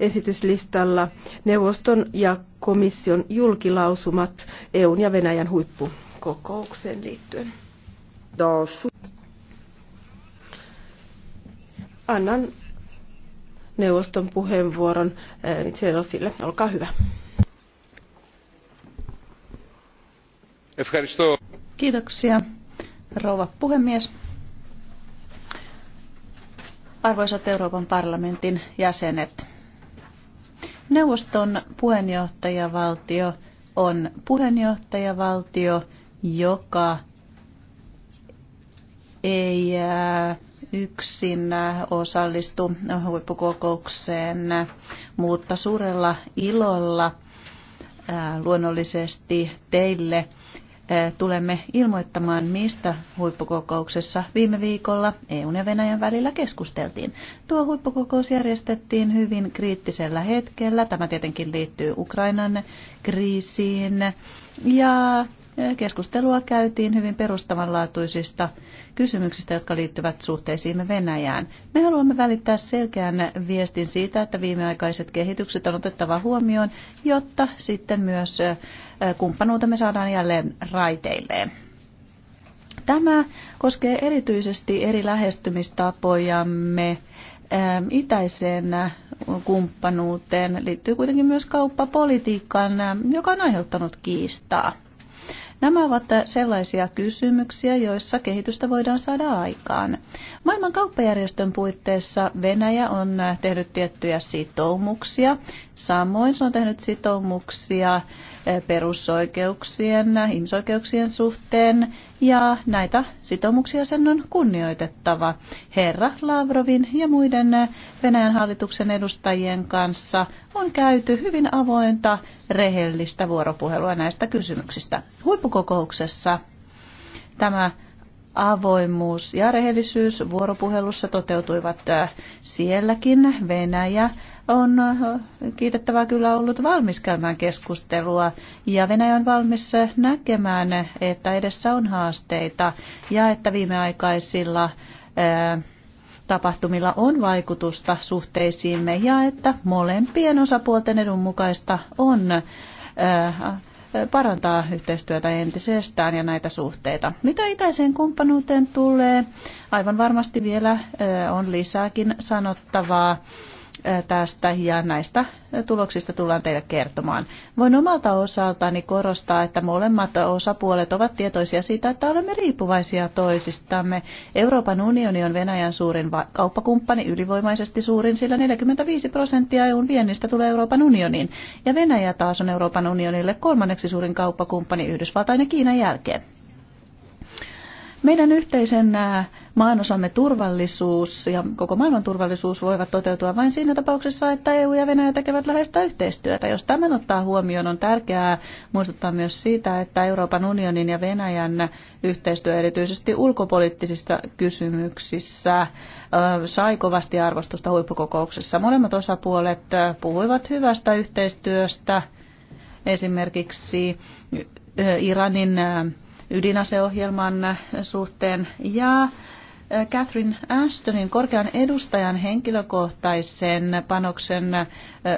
esityslistalla neuvoston ja komission julkilausumat EUn ja Venäjän huippukokoukseen liittyen. Annan neuvoston puheenvuoron Tselosille. Olkaa hyvä. Kiitoksia, rouva puhemies. Arvoisat Euroopan parlamentin jäsenet, Neuvoston puheenjohtajavaltio on puheenjohtajavaltio, joka ei äh, yksin äh, osallistu huippukokoukseen, mutta suurella ilolla äh, luonnollisesti teille tulemme ilmoittamaan, mistä huippukokouksessa viime viikolla EUn ja Venäjän välillä keskusteltiin. Tuo huippukokous järjestettiin hyvin kriittisellä hetkellä. Tämä tietenkin liittyy Ukrainan kriisiin. Ja keskustelua käytiin hyvin perustavanlaatuisista kysymyksistä, jotka liittyvät suhteisiimme Venäjään. Me haluamme välittää selkeän viestin siitä, että viimeaikaiset kehitykset on otettava huomioon, jotta sitten myös me saadaan jälleen raiteilleen. Tämä koskee erityisesti eri lähestymistapojamme itäiseen kumppanuuteen. Liittyy kuitenkin myös kauppapolitiikkaan, joka on aiheuttanut kiistaa. Nämä ovat sellaisia kysymyksiä, joissa kehitystä voidaan saada aikaan. Maailman kauppajärjestön puitteissa Venäjä on tehnyt tiettyjä sitoumuksia. Samoin se on tehnyt sitoumuksia perusoikeuksien, ihmisoikeuksien suhteen ja näitä sitoumuksia sen on kunnioitettava herra Lavrovin ja muiden Venäjän hallituksen edustajien kanssa on käyty hyvin avointa, rehellistä vuoropuhelua näistä kysymyksistä. Huippukokouksessa tämä avoimuus ja rehellisyys vuoropuhelussa toteutuivat äh, sielläkin Venäjä on äh, kiitettävää kyllä ollut valmis käymään keskustelua ja Venäjä on valmis näkemään, että edessä on haasteita ja että viimeaikaisilla äh, tapahtumilla on vaikutusta suhteisiimme ja että molempien osapuolten edun mukaista on äh, parantaa yhteistyötä entisestään ja näitä suhteita. Mitä itäiseen kumppanuuteen tulee, aivan varmasti vielä on lisääkin sanottavaa tästä ja näistä tuloksista tullaan teille kertomaan. Voin omalta osaltani korostaa, että molemmat osapuolet ovat tietoisia siitä, että olemme riippuvaisia toisistamme. Euroopan unioni on Venäjän suurin kauppakumppani, ylivoimaisesti suurin, sillä 45 prosenttia EUn viennistä tulee Euroopan unioniin. Ja Venäjä taas on Euroopan unionille kolmanneksi suurin kauppakumppani Yhdysvaltain ja Kiinan jälkeen. Meidän yhteisen maanosamme turvallisuus ja koko maailman turvallisuus voivat toteutua vain siinä tapauksessa, että EU ja Venäjä tekevät läheistä yhteistyötä. Jos tämän ottaa huomioon, on tärkeää muistuttaa myös siitä, että Euroopan unionin ja Venäjän yhteistyö erityisesti ulkopoliittisissa kysymyksissä sai kovasti arvostusta huippukokouksessa. Molemmat osapuolet puhuivat hyvästä yhteistyöstä esimerkiksi Iranin ydinaseohjelman suhteen ja Catherine Ashtonin korkean edustajan henkilökohtaisen panoksen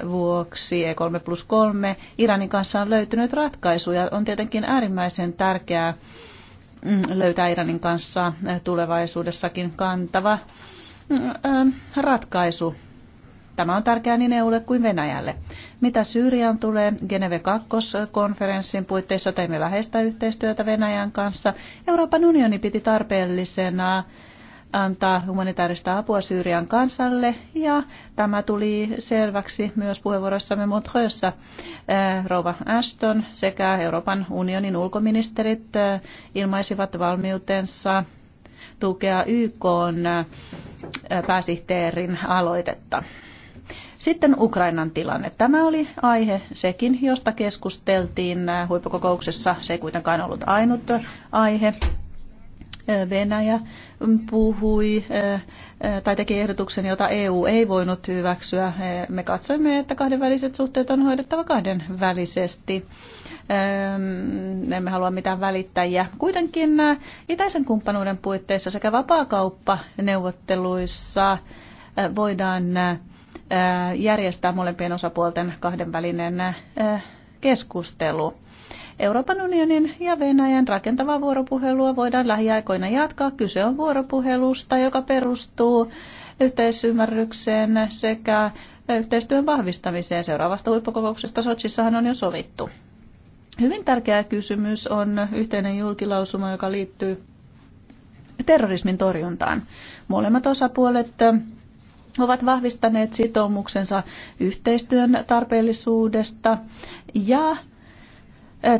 vuoksi E3 plus 3 Iranin kanssa on löytynyt ratkaisu ja on tietenkin äärimmäisen tärkeää mm, löytää Iranin kanssa tulevaisuudessakin kantava mm, ratkaisu Tämä on tärkeää niin EUlle kuin Venäjälle. Mitä Syyriaan tulee, Geneve 2-konferenssin puitteissa teimme läheistä yhteistyötä Venäjän kanssa. Euroopan unioni piti tarpeellisena antaa humanitaarista apua Syyrian kansalle ja tämä tuli selväksi myös puheenvuorossamme Montreuxssa. Eh, Rouva Ashton sekä Euroopan unionin ulkoministerit eh, ilmaisivat valmiutensa tukea YK eh, pääsihteerin aloitetta. Sitten Ukrainan tilanne. Tämä oli aihe sekin, josta keskusteltiin huippukokouksessa. Se ei kuitenkaan ollut ainut aihe. Venäjä puhui eh, tai teki ehdotuksen, jota EU ei voinut hyväksyä. Eh, me katsoimme, että kahdenväliset suhteet on hoidettava kahdenvälisesti. Eh, emme halua mitään välittäjiä. Kuitenkin itäisen kumppanuuden puitteissa sekä vapaakauppaneuvotteluissa voidaan neuvotteluissa voidaan Äh, järjestää molempien osapuolten kahdenvälinen äh, keskustelu. Euroopan unionin ja Venäjän rakentavaa vuoropuhelua voidaan lähiaikoina jatkaa. Kyse on vuoropuhelusta, joka perustuu yhteisymmärrykseen sekä yhteistyön vahvistamiseen. Seuraavasta huippukokouksesta Sotsissahan on jo sovittu. Hyvin tärkeä kysymys on yhteinen julkilausuma, joka liittyy terrorismin torjuntaan. Molemmat osapuolet ovat vahvistaneet sitoumuksensa yhteistyön tarpeellisuudesta ja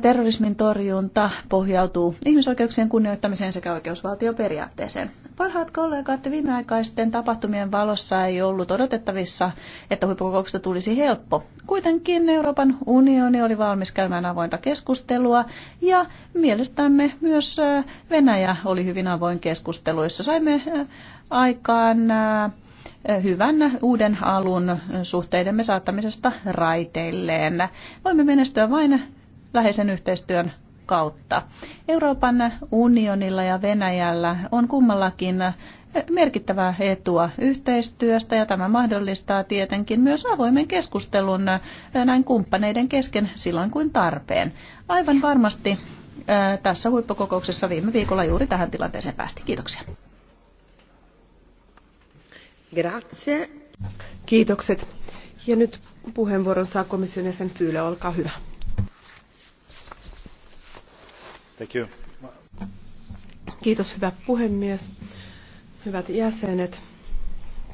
terrorismin torjunta pohjautuu ihmisoikeuksien kunnioittamiseen sekä oikeusvaltioperiaatteeseen. Parhaat kollegat, viimeaikaisten tapahtumien valossa ei ollut odotettavissa, että huippukokouksesta tulisi helppo. Kuitenkin Euroopan unioni oli valmis käymään avointa keskustelua ja mielestämme myös Venäjä oli hyvin avoin keskusteluissa. Saimme aikaan hyvän uuden alun suhteidemme saattamisesta raiteilleen. Voimme menestyä vain läheisen yhteistyön kautta. Euroopan unionilla ja Venäjällä on kummallakin merkittävää etua yhteistyöstä ja tämä mahdollistaa tietenkin myös avoimen keskustelun näin kumppaneiden kesken silloin kuin tarpeen. Aivan varmasti tässä huippukokouksessa viime viikolla juuri tähän tilanteeseen päästi. Kiitoksia. Kiitokset. Ja nyt puheenvuoron saa komission jäsen Fyyle, olkaa hyvä. Thank you. Kiitos hyvä puhemies, hyvät jäsenet.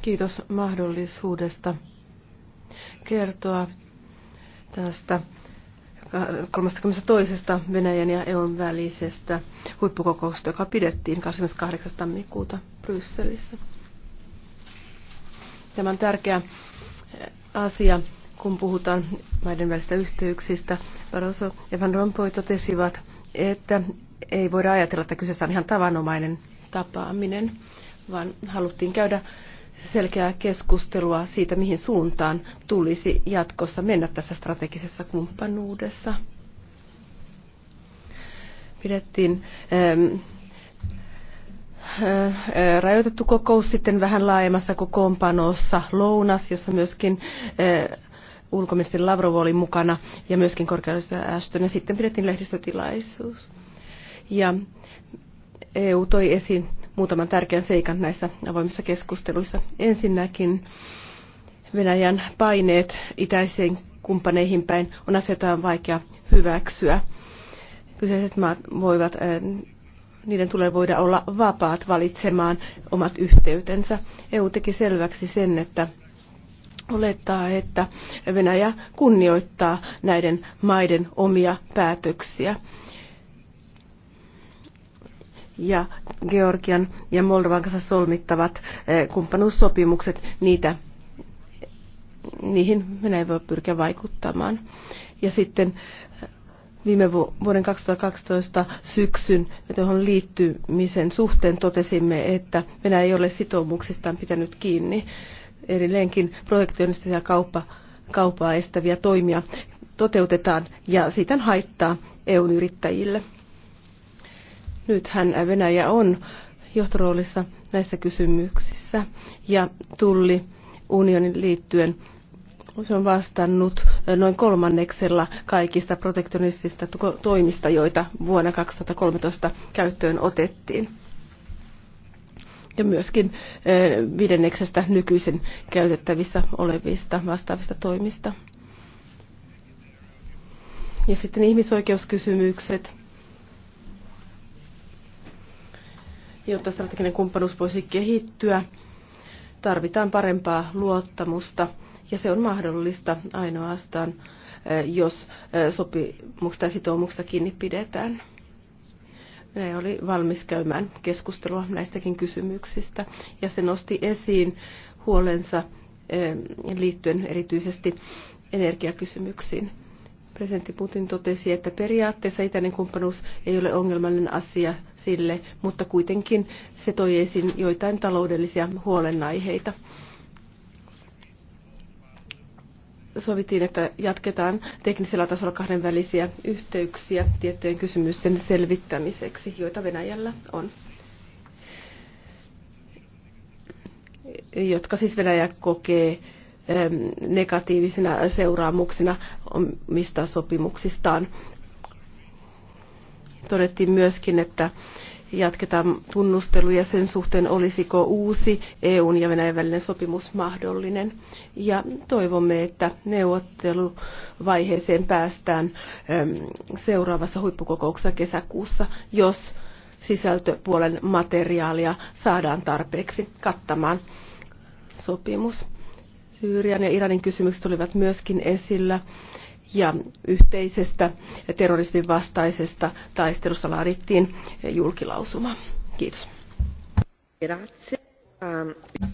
Kiitos mahdollisuudesta kertoa tästä 32. Venäjän ja EUn välisestä huippukokouksesta, joka pidettiin 28. tammikuuta Brysselissä. Tämä on tärkeä eh, asia, kun puhutaan maiden välisistä yhteyksistä. Barroso ja Van Rompuy totesivat, että ei voida ajatella, että kyseessä on ihan tavanomainen tapaaminen, vaan haluttiin käydä selkeää keskustelua siitä, mihin suuntaan tulisi jatkossa mennä tässä strategisessa kumppanuudessa. Pidettiin ähm, rajoitettu kokous, sitten vähän laajemmassa kokoonpanossa lounas, jossa myöskin ulkoministeri Lavrov oli mukana ja myöskin korkeudessa Ashton. Ja sitten pidettiin lehdistötilaisuus. Ja EU toi esiin muutaman tärkeän seikan näissä avoimissa keskusteluissa. Ensinnäkin Venäjän paineet itäiseen kumppaneihin päin on asioita vaikea hyväksyä. Kyseiset maat voivat niiden tulee voida olla vapaat valitsemaan omat yhteytensä. EU teki selväksi sen, että olettaa, että Venäjä kunnioittaa näiden maiden omia päätöksiä. Ja Georgian ja Moldovan kanssa solmittavat eh, kumppanuussopimukset, niitä, niihin Venäjä voi pyrkiä vaikuttamaan. Ja sitten viime vuoden 2012 syksyn, tuohon liittymisen suhteen totesimme, että Venäjä ei ole sitoumuksistaan pitänyt kiinni edelleenkin projektionistisia kauppa, kaupaa estäviä toimia toteutetaan ja siitä haittaa EUn yrittäjille. Nythän äh, Venäjä on johtoroolissa näissä kysymyksissä ja tulli unionin liittyen se on vastannut eh, noin kolmanneksella kaikista protektionistisista toimista, joita vuonna 2013 käyttöön otettiin. Ja myöskin eh, viidenneksestä nykyisin käytettävissä olevista vastaavista toimista. Ja sitten ihmisoikeuskysymykset. Jotta strateginen kumppanuus voisi kehittyä, tarvitaan parempaa luottamusta – ja se on mahdollista ainoastaan, jos sopimuksesta ja sitoumuksesta kiinni pidetään. Venäjä oli valmis käymään keskustelua näistäkin kysymyksistä ja se nosti esiin huolensa liittyen erityisesti energiakysymyksiin. Presidentti Putin totesi, että periaatteessa itäinen kumppanuus ei ole ongelmallinen asia sille, mutta kuitenkin se toi esiin joitain taloudellisia huolenaiheita sovittiin, että jatketaan teknisellä tasolla kahdenvälisiä yhteyksiä tiettyjen kysymysten selvittämiseksi, joita Venäjällä on. Jotka siis Venäjä kokee negatiivisina seuraamuksina omista sopimuksistaan. Todettiin myöskin, että jatketaan tunnusteluja sen suhteen, olisiko uusi EUn ja Venäjän välinen sopimus mahdollinen. Ja toivomme, että neuvotteluvaiheeseen päästään ähm, seuraavassa huippukokouksessa kesäkuussa, jos sisältöpuolen materiaalia saadaan tarpeeksi kattamaan sopimus. Syyrian ja Iranin kysymykset olivat myöskin esillä ja yhteisestä terrorismin vastaisesta taistelussa laadittiin julkilausuma. Kiitos. Ähm.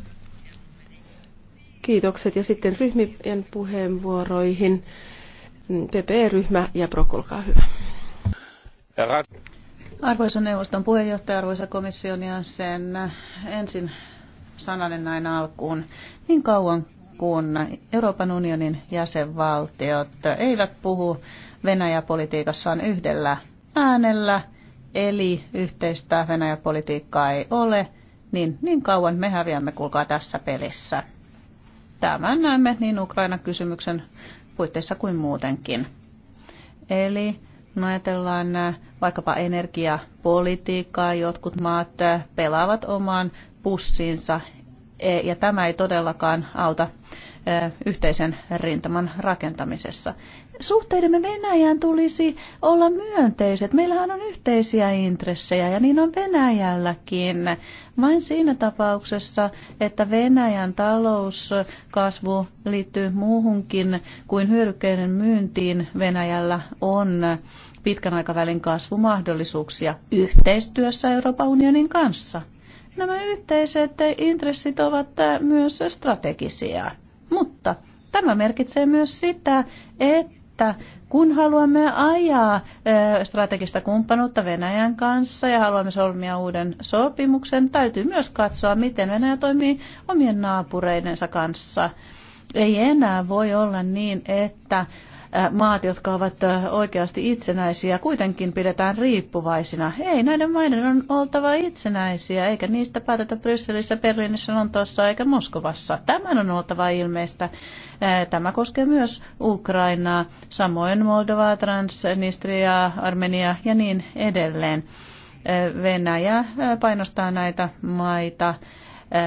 Kiitokset ja sitten ryhmien puheenvuoroihin. ppe ryhmä ja Brok, olkaa hyvä. Arvoisa neuvoston puheenjohtaja, arvoisa komission jäsen, ensin sananen näin alkuun. Niin kauan kun Euroopan unionin jäsenvaltiot eivät puhu Venäjäpolitiikassaan yhdellä äänellä, eli yhteistä Venäjäpolitiikkaa ei ole, niin niin kauan me häviämme, kulkaa tässä pelissä. Tämän näemme niin Ukraina-kysymyksen puitteissa kuin muutenkin. Eli kun no ajatellaan äh, vaikkapa energiapolitiikkaa, jotkut maat äh, pelaavat omaan pussiinsa E, ja tämä ei todellakaan auta e, yhteisen rintaman rakentamisessa. Suhteidemme Venäjään tulisi olla myönteiset. Meillähän on yhteisiä intressejä ja niin on Venäjälläkin. Vain siinä tapauksessa, että Venäjän talouskasvu liittyy muuhunkin kuin hyödykkeiden myyntiin, Venäjällä on pitkän aikavälin kasvumahdollisuuksia yhteistyössä Euroopan unionin kanssa. Nämä yhteiset intressit ovat äh, myös strategisia, mutta tämä merkitsee myös sitä, että kun haluamme ajaa äh, strategista kumppanuutta Venäjän kanssa ja haluamme solmia uuden sopimuksen, täytyy myös katsoa, miten Venäjä toimii omien naapureidensa kanssa. Ei enää voi olla niin, että maat, jotka ovat oikeasti itsenäisiä, kuitenkin pidetään riippuvaisina. Ei, näiden maiden on oltava itsenäisiä, eikä niistä päätetä Brysselissä, Berliinissä, Lontoossa eikä Moskovassa. Tämän on oltava ilmeistä. Tämä koskee myös Ukrainaa, samoin Moldovaa, Transnistriaa, Armeniaa ja niin edelleen. Venäjä painostaa näitä maita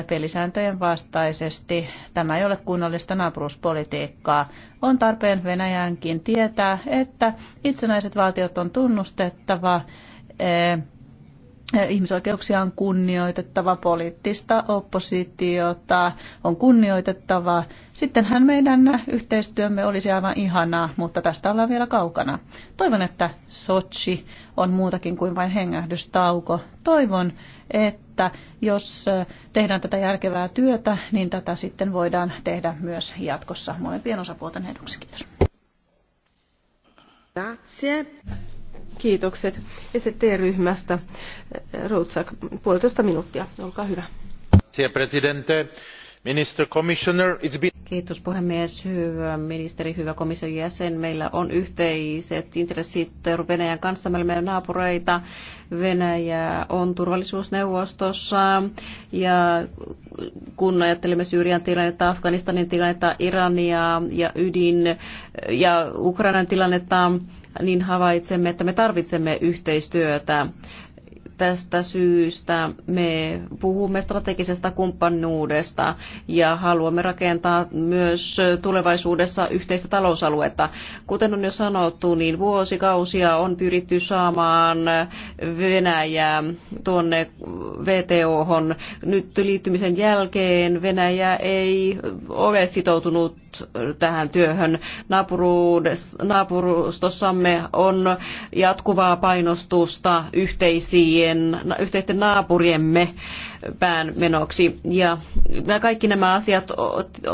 pelisääntöjen vastaisesti. Tämä ei ole kunnollista naapuruuspolitiikkaa. On tarpeen Venäjänkin tietää, että itsenäiset valtiot on tunnustettava, ihmisoikeuksia on kunnioitettava, poliittista oppositiota on kunnioitettava. Sittenhän meidän yhteistyömme olisi aivan ihanaa, mutta tästä ollaan vielä kaukana. Toivon, että Sochi on muutakin kuin vain hengähdystauko. Toivon, että että jos tehdään tätä järkevää työtä, niin tätä sitten voidaan tehdä myös jatkossa molempien osapuolten eduksi. Kiitos. Kiitokset ST-ryhmästä. Routsak, puolitoista minuuttia, olkaa hyvä. Presidente, Minister Commissioner, it's been... Kiitos puhemies, hyvä ministeri, hyvä komission jäsen. Meillä on yhteiset intressit Venäjän kanssa. Me olemme naapureita. Venäjä on turvallisuusneuvostossa ja kun ajattelemme Syyrian tilannetta, Afganistanin tilannetta, Irania ja ydin ja Ukrainan tilannetta, niin havaitsemme, että me tarvitsemme yhteistyötä tästä syystä me puhumme strategisesta kumppanuudesta ja haluamme rakentaa myös tulevaisuudessa yhteistä talousaluetta. Kuten on jo sanottu, niin vuosikausia on pyritty saamaan Venäjää tuonne VTOhon. Nyt liittymisen jälkeen Venäjä ei ole sitoutunut tähän työhön. Naapurustossamme on jatkuvaa painostusta yhteisiin naapurien, yhteisten naapuriemme menoksi. Ja kaikki nämä asiat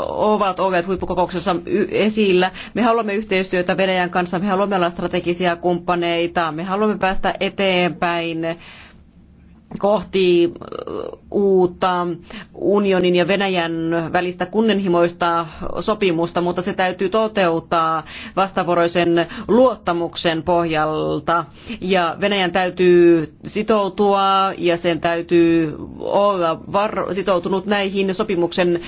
ovat olleet huippukokouksessa esillä. Me haluamme yhteistyötä Venäjän kanssa, me haluamme olla strategisia kumppaneita, me haluamme päästä eteenpäin kohti uutta unionin ja Venäjän välistä kunnenhimoista sopimusta, mutta se täytyy toteuttaa vastavuoroisen luottamuksen pohjalta. Ja Venäjän täytyy sitoutua ja sen täytyy olla sitoutunut näihin sopimuksen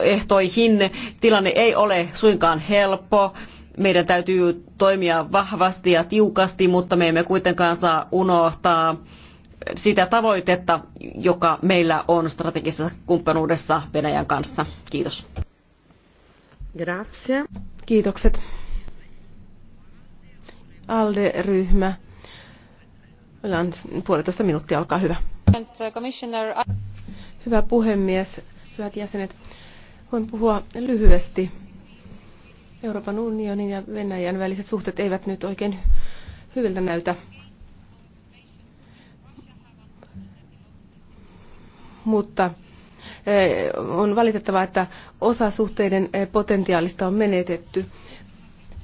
ehtoihin. Tilanne ei ole suinkaan helppo meidän täytyy toimia vahvasti ja tiukasti, mutta me emme kuitenkaan saa unohtaa sitä tavoitetta, joka meillä on strategisessa kumppanuudessa Venäjän kanssa. Kiitos. Grazie. Kiitokset. ALDE-ryhmä. Ollaan puolitoista minuuttia, olkaa hyvä. Uh, hyvä puhemies, hyvät jäsenet. Voin puhua lyhyesti. Euroopan unionin ja Venäjän väliset suhteet eivät nyt oikein hyviltä näytä mutta eh, on valitettavaa, että osa suhteiden eh, potentiaalista on menetetty.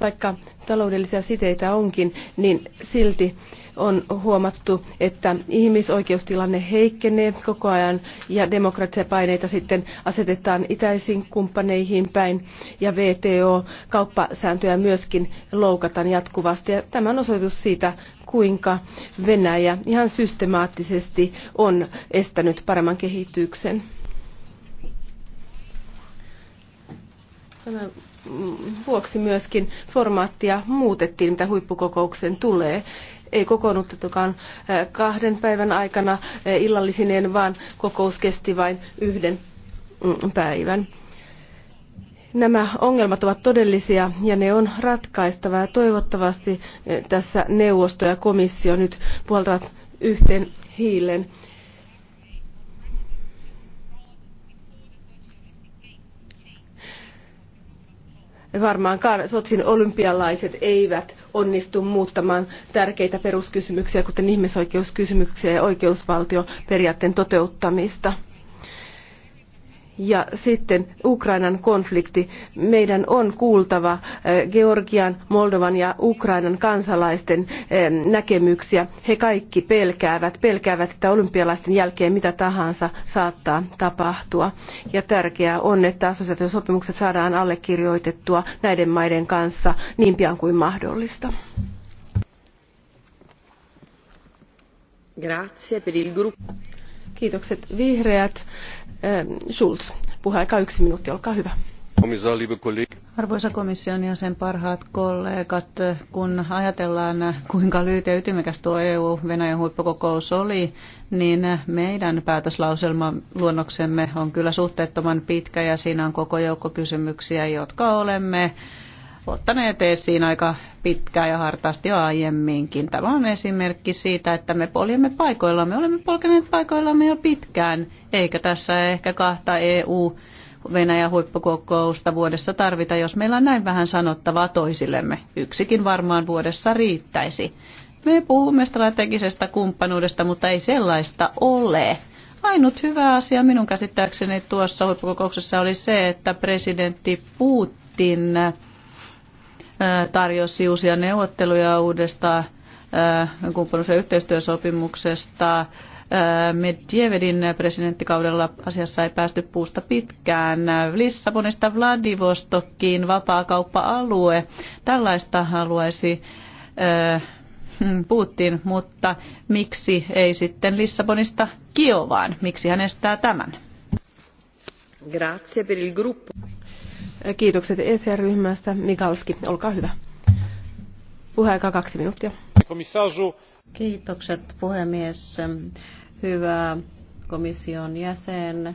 Vaikka taloudellisia siteitä onkin, niin silti on huomattu, että ihmisoikeustilanne heikkenee koko ajan ja demokratiapaineita sitten asetetaan itäisiin kumppaneihin päin ja VTO kauppasääntöjä myöskin loukataan jatkuvasti. Ja tämä on osoitus siitä, kuinka Venäjä ihan systemaattisesti on estänyt paremman kehityksen. Tämän vuoksi myöskin formaattia muutettiin, mitä huippukokouksen tulee. Ei kokoonnuttukaan kahden päivän aikana illallisineen, vaan kokous kesti vain yhden mm, päivän. Nämä ongelmat ovat todellisia ja ne on ratkaistava ja toivottavasti eh, tässä neuvosto ja komissio nyt puoltavat yhteen hiilen. varmaankaan Sotsin olympialaiset eivät onnistu muuttamaan tärkeitä peruskysymyksiä, kuten ihmisoikeuskysymyksiä ja oikeusvaltioperiaatteen toteuttamista ja sitten Ukrainan konflikti. Meidän on kuultava eh, Georgian, Moldovan ja Ukrainan kansalaisten eh, näkemyksiä. He kaikki pelkäävät, pelkäävät, että olympialaisten jälkeen mitä tahansa saattaa tapahtua. Ja tärkeää on, että assosiaatiosopimukset saadaan allekirjoitettua näiden maiden kanssa niin pian kuin mahdollista. Grazie per il gruppo. Kiitokset vihreät. Schulz. Puheaika yksi minuutti, olkaa hyvä. Arvoisa komission ja sen parhaat kollegat, kun ajatellaan kuinka lyhyt ja ytimekäs tuo EU-Venäjän huippukokous oli, niin meidän päätöslauselman luonnoksemme on kyllä suhteettoman pitkä ja siinä on koko joukko kysymyksiä, jotka olemme ottaneet esiin aika pitkään ja hartaasti jo aiemminkin. Tämä on esimerkki siitä, että me poljemme paikoillamme. Olemme polkeneet paikoillamme jo pitkään, eikä tässä ehkä kahta EU Venäjä huippukokousta vuodessa tarvita, jos meillä on näin vähän sanottavaa toisillemme. Yksikin varmaan vuodessa riittäisi. Me puhumme strategisesta kumppanuudesta, mutta ei sellaista ole. Ainut hyvä asia minun käsittääkseni tuossa huippukokouksessa oli se, että presidentti Putin tarjosi uusia neuvotteluja uudesta kumppanuus- ja yhteistyösopimuksesta. Medvedin presidenttikaudella asiassa ei päästy puusta pitkään. Lissabonista Vladivostokkiin kauppa alue Tällaista haluaisi Putin, mutta miksi ei sitten Lissabonista Kiovaan? Miksi hän estää tämän? Grazie per il gruppo. Kiitokset ECR-ryhmästä. Mikalski, olkaa hyvä. Puheaika kaksi minuuttia. Kiitokset puhemies. Hyvä komission jäsen.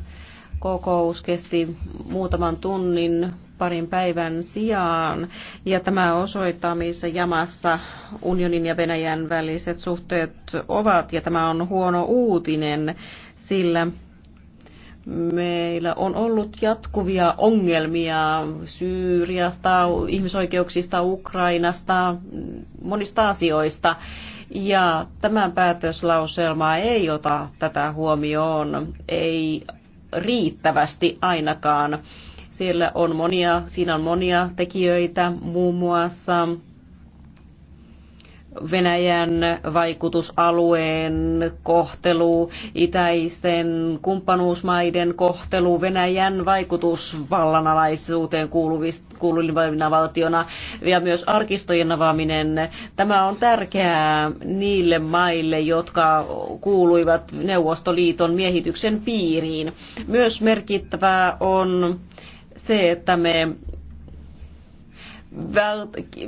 Kokous kesti muutaman tunnin parin päivän sijaan. Ja tämä osoittaa, missä jamassa unionin ja Venäjän väliset suhteet ovat. Ja tämä on huono uutinen, sillä Meillä on ollut jatkuvia ongelmia Syyriasta, ihmisoikeuksista, Ukrainasta, monista asioista. Ja tämän päätöslauselma ei ota tätä huomioon, ei riittävästi ainakaan. Siellä on monia, siinä on monia tekijöitä, muun muassa Venäjän vaikutusalueen kohtelu, itäisten kumppanuusmaiden kohtelu, Venäjän vaikutusvallan alaisuuteen kuuluvina valtiona ja myös arkistojen avaaminen. Tämä on tärkeää niille maille, jotka kuuluivat Neuvostoliiton miehityksen piiriin. Myös merkittävää on se, että me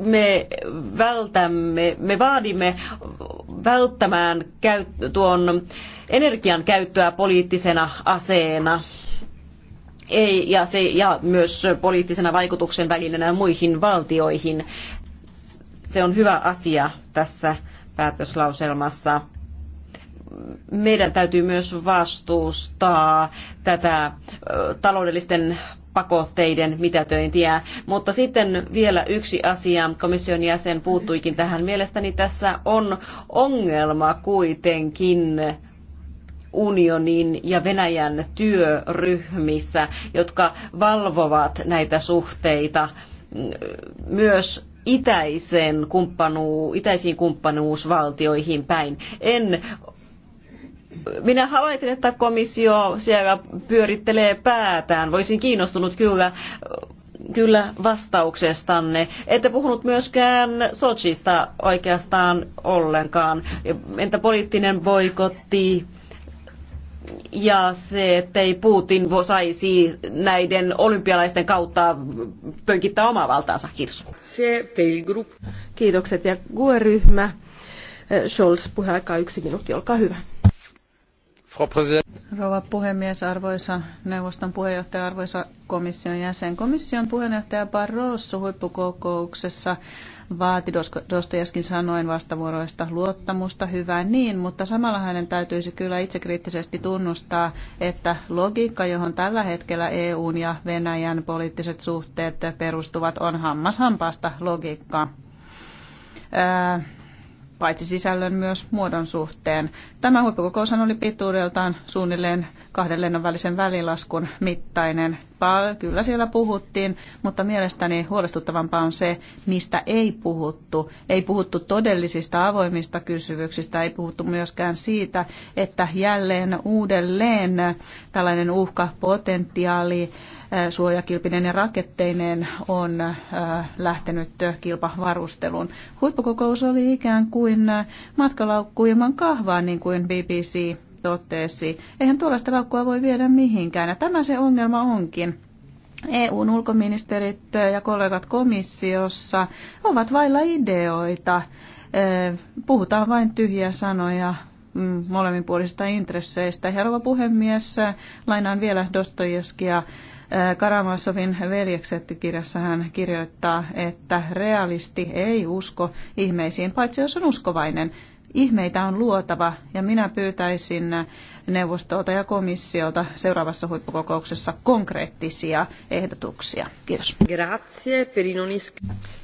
me vältämme, me vaadimme välttämään tuon energian käyttöä poliittisena aseena. Ei, ja, se, ja myös poliittisena vaikutuksen välineenä muihin valtioihin. Se on hyvä asia tässä päätöslauselmassa. Meidän täytyy myös vastustaa tätä taloudellisten pakotteiden mitätöintiä. Mutta sitten vielä yksi asia, komission jäsen puuttuikin tähän. Mielestäni tässä on ongelma kuitenkin unionin ja Venäjän työryhmissä, jotka valvovat näitä suhteita myös itäisen kumppanu, itäisiin kumppanuusvaltioihin päin. En minä havaitsin, että komissio siellä pyörittelee päätään. Voisin kiinnostunut kyllä kyllä vastauksestanne. Ette puhunut myöskään Sochista oikeastaan ollenkaan. Entä poliittinen boikotti? ja se, ettei Putin saisi näiden olympialaisten kautta pönkittää omaa valtaansa hirsu. Se Kiitokset ja GUE-ryhmä. Scholz, puheaika yksi minuutti, olkaa hyvä. Rouva puhemies, arvoisa neuvoston puheenjohtaja, arvoisa komission jäsen. Komission puheenjohtaja Barroso huippukokouksessa vaati Dostojevskin sanoen vastavuoroista luottamusta, hyvää niin, mutta samalla hänen täytyisi kyllä itsekriittisesti tunnustaa, että logiikka, johon tällä hetkellä EUn ja Venäjän poliittiset suhteet perustuvat, on hammashampaasta logiikkaa paitsi sisällön myös muodon suhteen. Tämä huippukokoushan oli pituudeltaan suunnilleen kahden lennon välisen välilaskun mittainen kyllä siellä puhuttiin, mutta mielestäni huolestuttavampaa on se, mistä ei puhuttu. Ei puhuttu todellisista avoimista kysymyksistä, ei puhuttu myöskään siitä, että jälleen uudelleen tällainen uhkapotentiaali äh, suojakilpinen ja raketteinen on äh, lähtenyt kilpavarusteluun. Huippukokous oli ikään kuin äh, matkalaukku ilman kahvaa, niin kuin BBC totesi. Eihän tuollaista laukkua voi viedä mihinkään. Ja tämä se ongelma onkin. EUn ulkoministerit ja kollegat komissiossa ovat vailla ideoita. Puhutaan vain tyhjiä sanoja mm, molemminpuolisista intresseistä. Herra puhemies, lainaan vielä Dostojevskia. Karamasovin veljekset kirjassa hän kirjoittaa, että realisti ei usko ihmeisiin, paitsi jos on uskovainen. Ihmeitä on luotava ja minä pyytäisin neuvostolta ja komissiolta seuraavassa huippukokouksessa konkreettisia ehdotuksia. Kiitos. Grazie per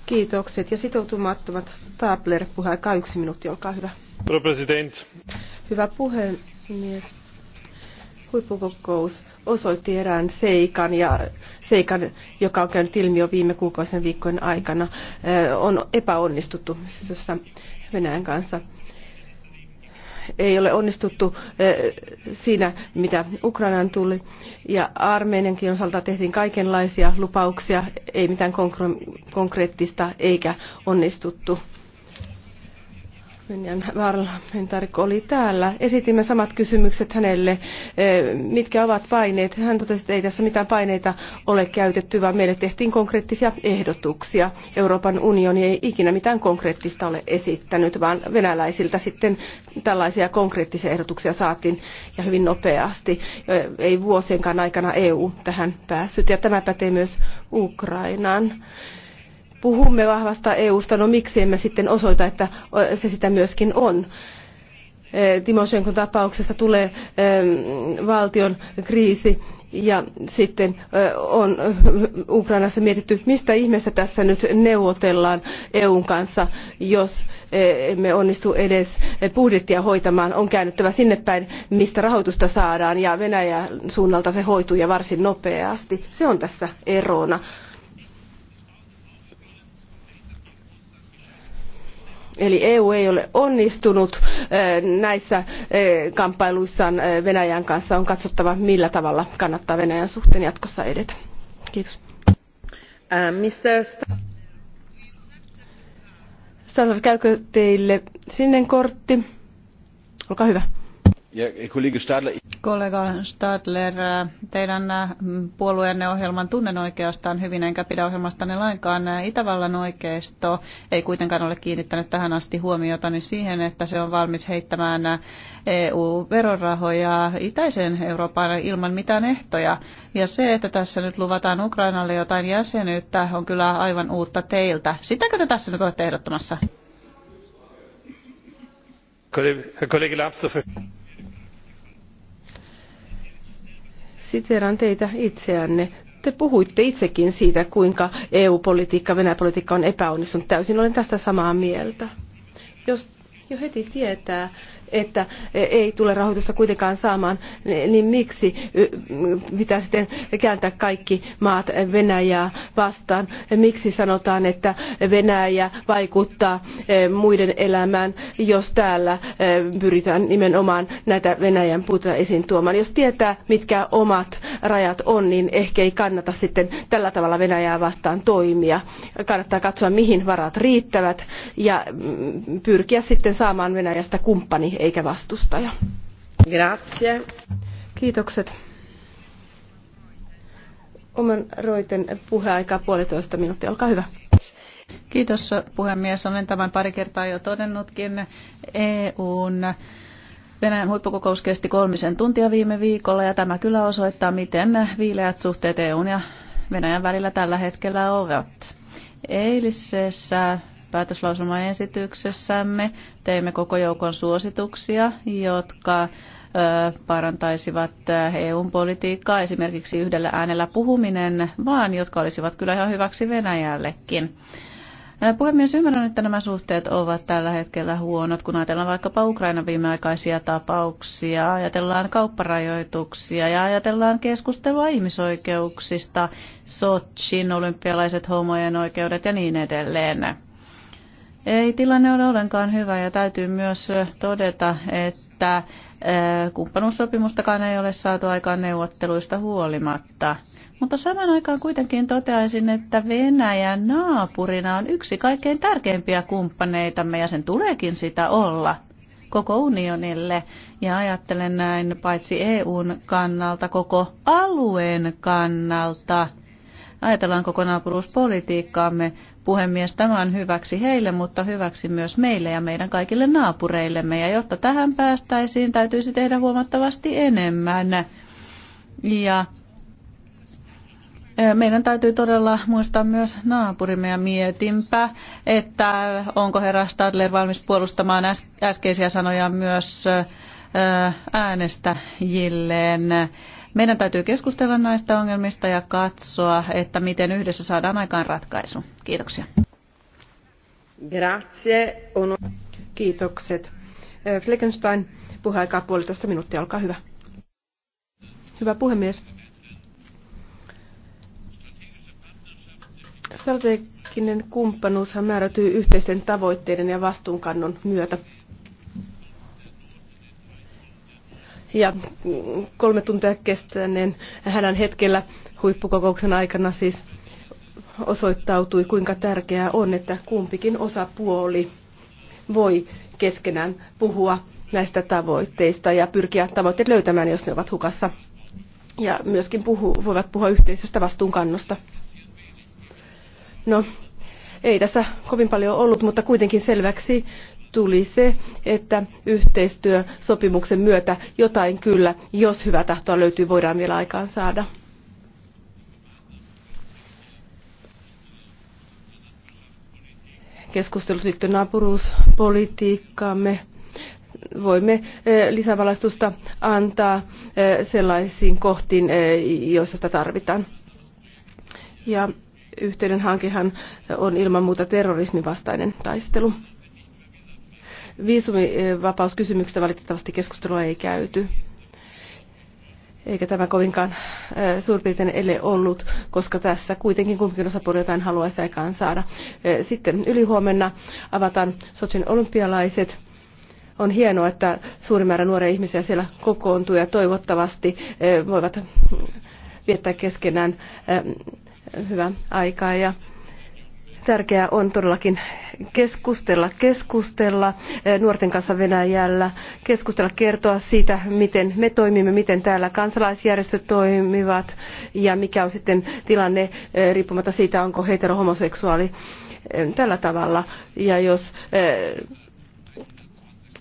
Kiitokset ja sitoutumattomat Stapler puheaika yksi minuutti, olkaa hyvä. President. Hyvä puhemies. Huippukokous osoitti erään seikan, ja seikan, joka on käynyt ilmi jo viime kuukausien viikkojen aikana, on epäonnistuttu siis Venäjän kanssa ei ole onnistuttu eh, siinä, mitä Ukrainaan tuli. Ja Armeniankin osalta tehtiin kaikenlaisia lupauksia, ei mitään konkreettista eikä onnistuttu Venäjän parlamentaarikko oli täällä. Esitimme samat kysymykset hänelle, eh, mitkä ovat paineet. Hän totesi, että ei tässä mitään paineita ole käytetty, vaan meille tehtiin konkreettisia ehdotuksia. Euroopan unioni ei ikinä mitään konkreettista ole esittänyt, vaan venäläisiltä sitten tällaisia konkreettisia ehdotuksia saatiin ja hyvin nopeasti. Eh, ei vuosienkaan aikana EU tähän päässyt ja tämä pätee myös Ukrainaan puhumme vahvasta EUsta, no miksi emme sitten osoita, että se sitä myöskin on. Timoshenkon tapauksessa tulee valtion kriisi ja sitten on Ukrainassa mietitty, mistä ihmeessä tässä nyt neuvotellaan EUn kanssa, jos emme onnistu edes budjettia hoitamaan. On käännyttävä sinne päin, mistä rahoitusta saadaan ja Venäjän suunnalta se hoituu ja varsin nopeasti. Se on tässä erona. Eli EU ei ole onnistunut näissä kamppailuissaan Venäjän kanssa. On katsottava, millä tavalla kannattaa Venäjän suhteen jatkossa edetä. Kiitos. Mr. käykö teille sininen kortti? Olkaa hyvä. Kollega Stadler, teidän äh, puolueenne ohjelman tunnen oikeastaan hyvin, enkä pidä ohjelmastanne lainkaan. Äh, Itävallan oikeisto ei kuitenkaan ole kiinnittänyt tähän asti huomiota niin siihen, että se on valmis heittämään äh, EU-verorahoja itäiseen eurooppaan ilman mitään ehtoja. Ja se, että tässä nyt luvataan Ukrainalle jotain jäsenyyttä, on kyllä aivan uutta teiltä. Sitäkö te tässä nyt olette ehdottamassa? Kollega Lambsdorff siteraan teitä itseänne. Te puhuitte itsekin siitä, kuinka EU-politiikka, Venäjä-politiikka on epäonnistunut täysin. Olen tästä samaa mieltä. Jos jo heti tietää, että ei tule rahoitusta kuitenkaan saamaan, niin miksi pitää sitten kääntää kaikki maat Venäjää vastaan? Miksi sanotaan, että Venäjä vaikuttaa e, muiden elämään, jos täällä e, pyritään nimenomaan näitä Venäjän puuta esiin tuomaan? Jos tietää, mitkä omat rajat on, niin ehkä ei kannata sitten tällä tavalla Venäjää vastaan toimia. Kannattaa katsoa, mihin varat riittävät ja mm, pyrkiä sitten saamaan Venäjästä kumppani eikä vastustaja. Grazie. Kiitokset. Oman Roiten puheaika puolitoista minuuttia, olkaa hyvä. Kiitos puhemies. Olen tämän pari kertaa jo todennutkin EUn Venäjän huippukokous kesti kolmisen tuntia viime viikolla ja tämä kyllä osoittaa, miten viileät suhteet EUn ja Venäjän välillä tällä hetkellä ovat. Eilisessä päätöslausumaesityksessämme teimme koko joukon suosituksia, jotka parantaisivat eu politiikkaa, esimerkiksi yhdellä äänellä puhuminen, vaan jotka olisivat kyllä ihan hyväksi Venäjällekin. Puhemies, ymmärrän, että nämä suhteet ovat tällä hetkellä huonot, kun ajatellaan vaikkapa Ukrainan viimeaikaisia tapauksia, ajatellaan kaupparajoituksia ja ajatellaan keskustelua ihmisoikeuksista, Sotsin, olympialaiset homojen oikeudet ja niin edelleen. Ei tilanne ole ollenkaan hyvä ja täytyy myös todeta, että kumppanuussopimustakaan ei ole saatu aikaan neuvotteluista huolimatta. Mutta saman aikaan kuitenkin toteaisin, että Venäjän naapurina on yksi kaikkein tärkeimpiä kumppaneitamme ja sen tuleekin sitä olla koko unionille. Ja ajattelen näin paitsi EUn kannalta, koko alueen kannalta. Ajatellaan koko naapuruuspolitiikkaamme puhemies, tämä on hyväksi heille, mutta hyväksi myös meille ja meidän kaikille naapureillemme. Ja jotta tähän päästäisiin, täytyisi tehdä huomattavasti enemmän. Ja meidän täytyy todella muistaa myös naapurimme ja mietinpä, että onko herra Stadler valmis puolustamaan äskeisiä sanoja myös äänestäjilleen. Meidän täytyy keskustella näistä ongelmista ja katsoa, että miten yhdessä saadaan aikaan ratkaisu. Kiitoksia. Grazie. Kiitokset. Fleckenstein, puheaikaa puolitoista minuuttia, olkaa hyvä. Hyvä puhemies. Strateginen kumppanuushan määräytyy yhteisten tavoitteiden ja vastuunkannon myötä. ja kolme tuntia kestäneen hänen hetkellä huippukokouksen aikana siis osoittautui, kuinka tärkeää on, että kumpikin osapuoli voi keskenään puhua näistä tavoitteista ja pyrkiä tavoitteet löytämään, jos ne ovat hukassa. Ja myöskin puhu, voivat puhua yhteisestä vastuunkannosta. No, ei tässä kovin paljon ollut, mutta kuitenkin selväksi tuli se, että yhteistyösopimuksen myötä jotain kyllä, jos hyvää tahtoa löytyy, voidaan vielä aikaan saada. Keskustelut liittyen naapuruuspolitiikkaamme voimme eh, lisävalaistusta antaa eh, sellaisiin kohtiin, eh, joissa sitä tarvitaan. Ja yhteinen hankehan on ilman muuta terrorismin vastainen taistelu. Viisumivapauskysymyksestä valitettavasti keskustelua ei käyty. Eikä tämä kovinkaan piirtein ele ollut, koska tässä kuitenkin kumpikin osapuoli jotain haluaisi aikaan saada. Sitten ylihuomenna avataan Sotsin olympialaiset on hienoa, että suuri määrä nuoria ihmisiä siellä kokoontuu ja toivottavasti voivat viettää keskenään hyvää aikaa ja Tärkeää on todellakin keskustella, keskustella eh, nuorten kanssa Venäjällä, keskustella, kertoa siitä, miten me toimimme, miten täällä kansalaisjärjestöt toimivat ja mikä on sitten tilanne eh, riippumatta siitä, onko hetero homoseksuaali eh, tällä tavalla. Ja jos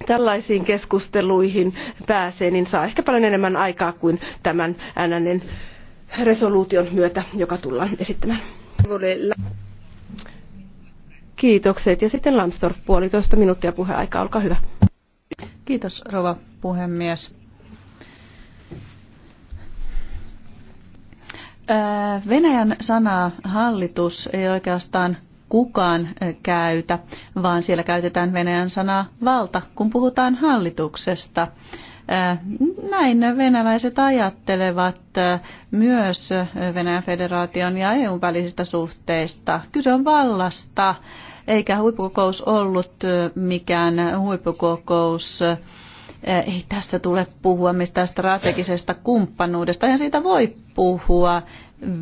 tällaisiin keskusteluihin pääsee, niin saa ehkä paljon enemmän aikaa kuin tämän äänänen resoluution myötä, joka tullaan esittämään. Kiitokset. Ja sitten Lambsdorff, puolitoista minuuttia puheaika, olkaa hyvä. Kiitos rouva puhemies. Venäjän sanaa hallitus ei oikeastaan kukaan käytä, vaan siellä käytetään Venäjän sanaa valta, kun puhutaan hallituksesta. Näin venäläiset ajattelevat myös Venäjän federaation ja EUn välisistä suhteista. Kyse on vallasta eikä huippukokous ollut mikään huippukokous. Ei tässä tule puhua mistään strategisesta kumppanuudesta, ja siitä voi puhua.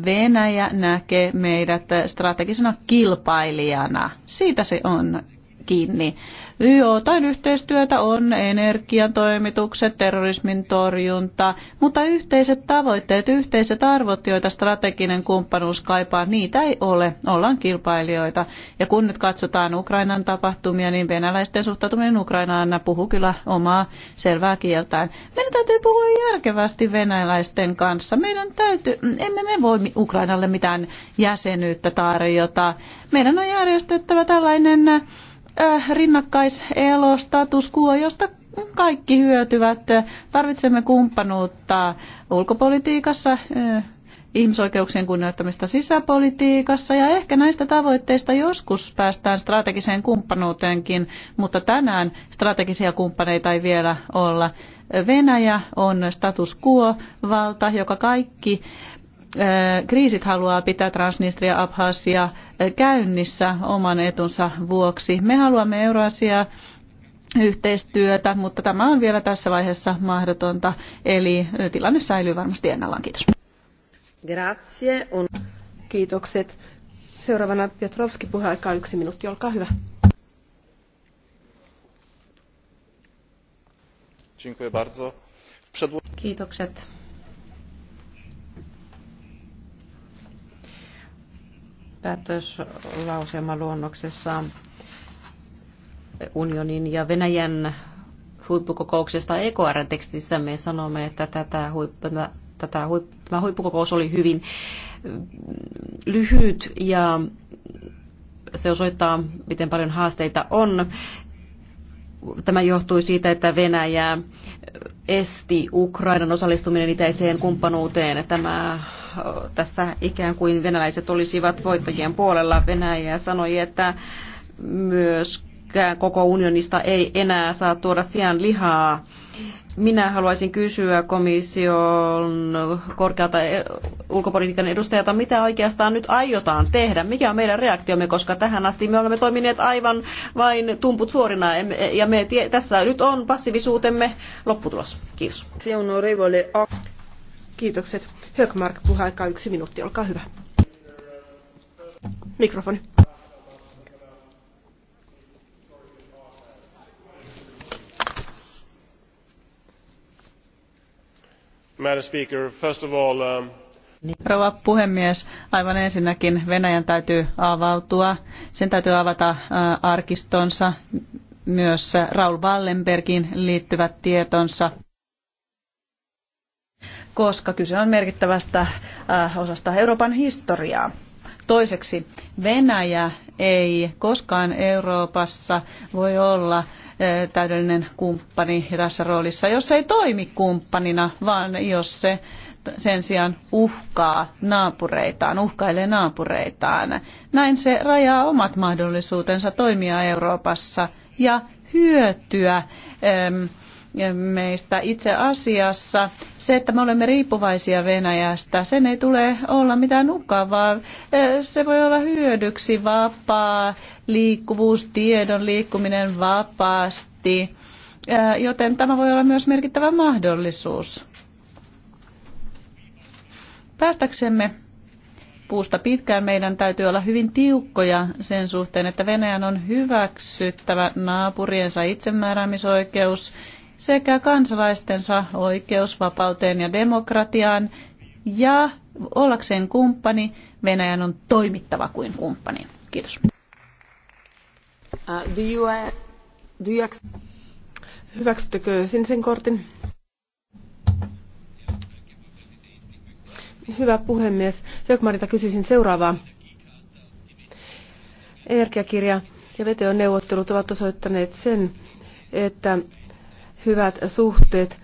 Venäjä näkee meidät strategisena kilpailijana. Siitä se on kiinni. Jotain yhteistyötä on, energian toimitukset, terrorismin torjunta, mutta yhteiset tavoitteet, yhteiset arvot, joita strateginen kumppanuus kaipaa, niitä ei ole. Ollaan kilpailijoita. Ja kun nyt katsotaan Ukrainan tapahtumia, niin venäläisten suhtautuminen Ukrainaan puhuu kyllä omaa selvää kieltään. Meidän täytyy puhua järkevästi venäläisten kanssa. Meidän täytyy, emme me voi Ukrainalle mitään jäsenyyttä tarjota. Meidän on järjestettävä tällainen Äh, rinnakkaiselo, status quo, josta kaikki hyötyvät. Tarvitsemme kumppanuutta ulkopolitiikassa, äh, ihmisoikeuksien kunnioittamista sisäpolitiikassa ja ehkä näistä tavoitteista joskus päästään strategiseen kumppanuuteenkin, mutta tänään strategisia kumppaneita ei vielä olla. Venäjä on status quo-valta, joka kaikki kriisit haluaa pitää Transnistria Abhaasia käynnissä oman etunsa vuoksi. Me haluamme Euroasiaa yhteistyötä, mutta tämä on vielä tässä vaiheessa mahdotonta. Eli tilanne säilyy varmasti ennallaan. Kiitos. Grazie. Kiitokset. Seuraavana Piotrovski puheaikaa yksi minuutti. Olkaa hyvä. Kiitokset luonnoksessa unionin ja Venäjän huippukokouksesta ekr tekstissä me sanomme, että tätä huippu, tätä huippu, tämä huippukokous oli hyvin mm, lyhyt ja se osoittaa, miten paljon haasteita on Tämä johtui siitä, että Venäjä esti Ukrainan osallistuminen itäiseen kumppanuuteen. Tämä, tässä ikään kuin venäläiset olisivat voittajien puolella. Venäjä sanoi, että myös mikään koko unionista ei enää saa tuoda sian lihaa. Minä haluaisin kysyä komission korkealta e, ulkopolitiikan edustajalta, mitä oikeastaan nyt aiotaan tehdä, mikä on meidän reaktiomme, koska tähän asti me olemme toimineet aivan vain tumput suorina e, ja me tie, tässä nyt on passiivisuutemme lopputulos. Kiitos. Kiitokset. Hökmark, puheaika yksi minuutti, olkaa hyvä. Mikrofoni. arvoisa um, niin, puhemies, aivan ensinnäkin Venäjän täytyy avautua. Sen täytyy avata arkistonsa, myös Raul Wallenbergin liittyvät tietonsa koska kyse on merkittävästä osasta Euroopan historiaa. Toiseksi Venäjä ei koskaan Euroopassa voi olla Eh, täydellinen kumppani tässä roolissa, jos ei toimi kumppanina, vaan jos se sen sijaan uhkaa naapureitaan, uhkailee naapureitaan. Näin se rajaa omat mahdollisuutensa toimia Euroopassa ja hyötyä ähm, meistä itse asiassa se, että me olemme riippuvaisia Venäjästä, sen ei tule olla mitään uhkaa, eh, se voi olla hyödyksi vapaa liikkuvuus, tiedon liikkuminen vapaasti, eh, joten tämä voi olla myös merkittävä mahdollisuus. Päästäksemme puusta pitkään meidän täytyy olla hyvin tiukkoja sen suhteen, että Venäjän on hyväksyttävä naapuriensa itsemääräämisoikeus sekä kansalaistensa oikeusvapauteen ja demokratiaan ja ollakseen kumppani, Venäjän on toimittava kuin kumppani. Kiitos. Uh, do you, uh, do you Hyväksyttekö sinisen kortin? Hyvä puhemies. Jokmarita kysyisin seuraavaa. Energiakirja ja VTO-neuvottelut ovat osoittaneet sen, että hyvät suhteet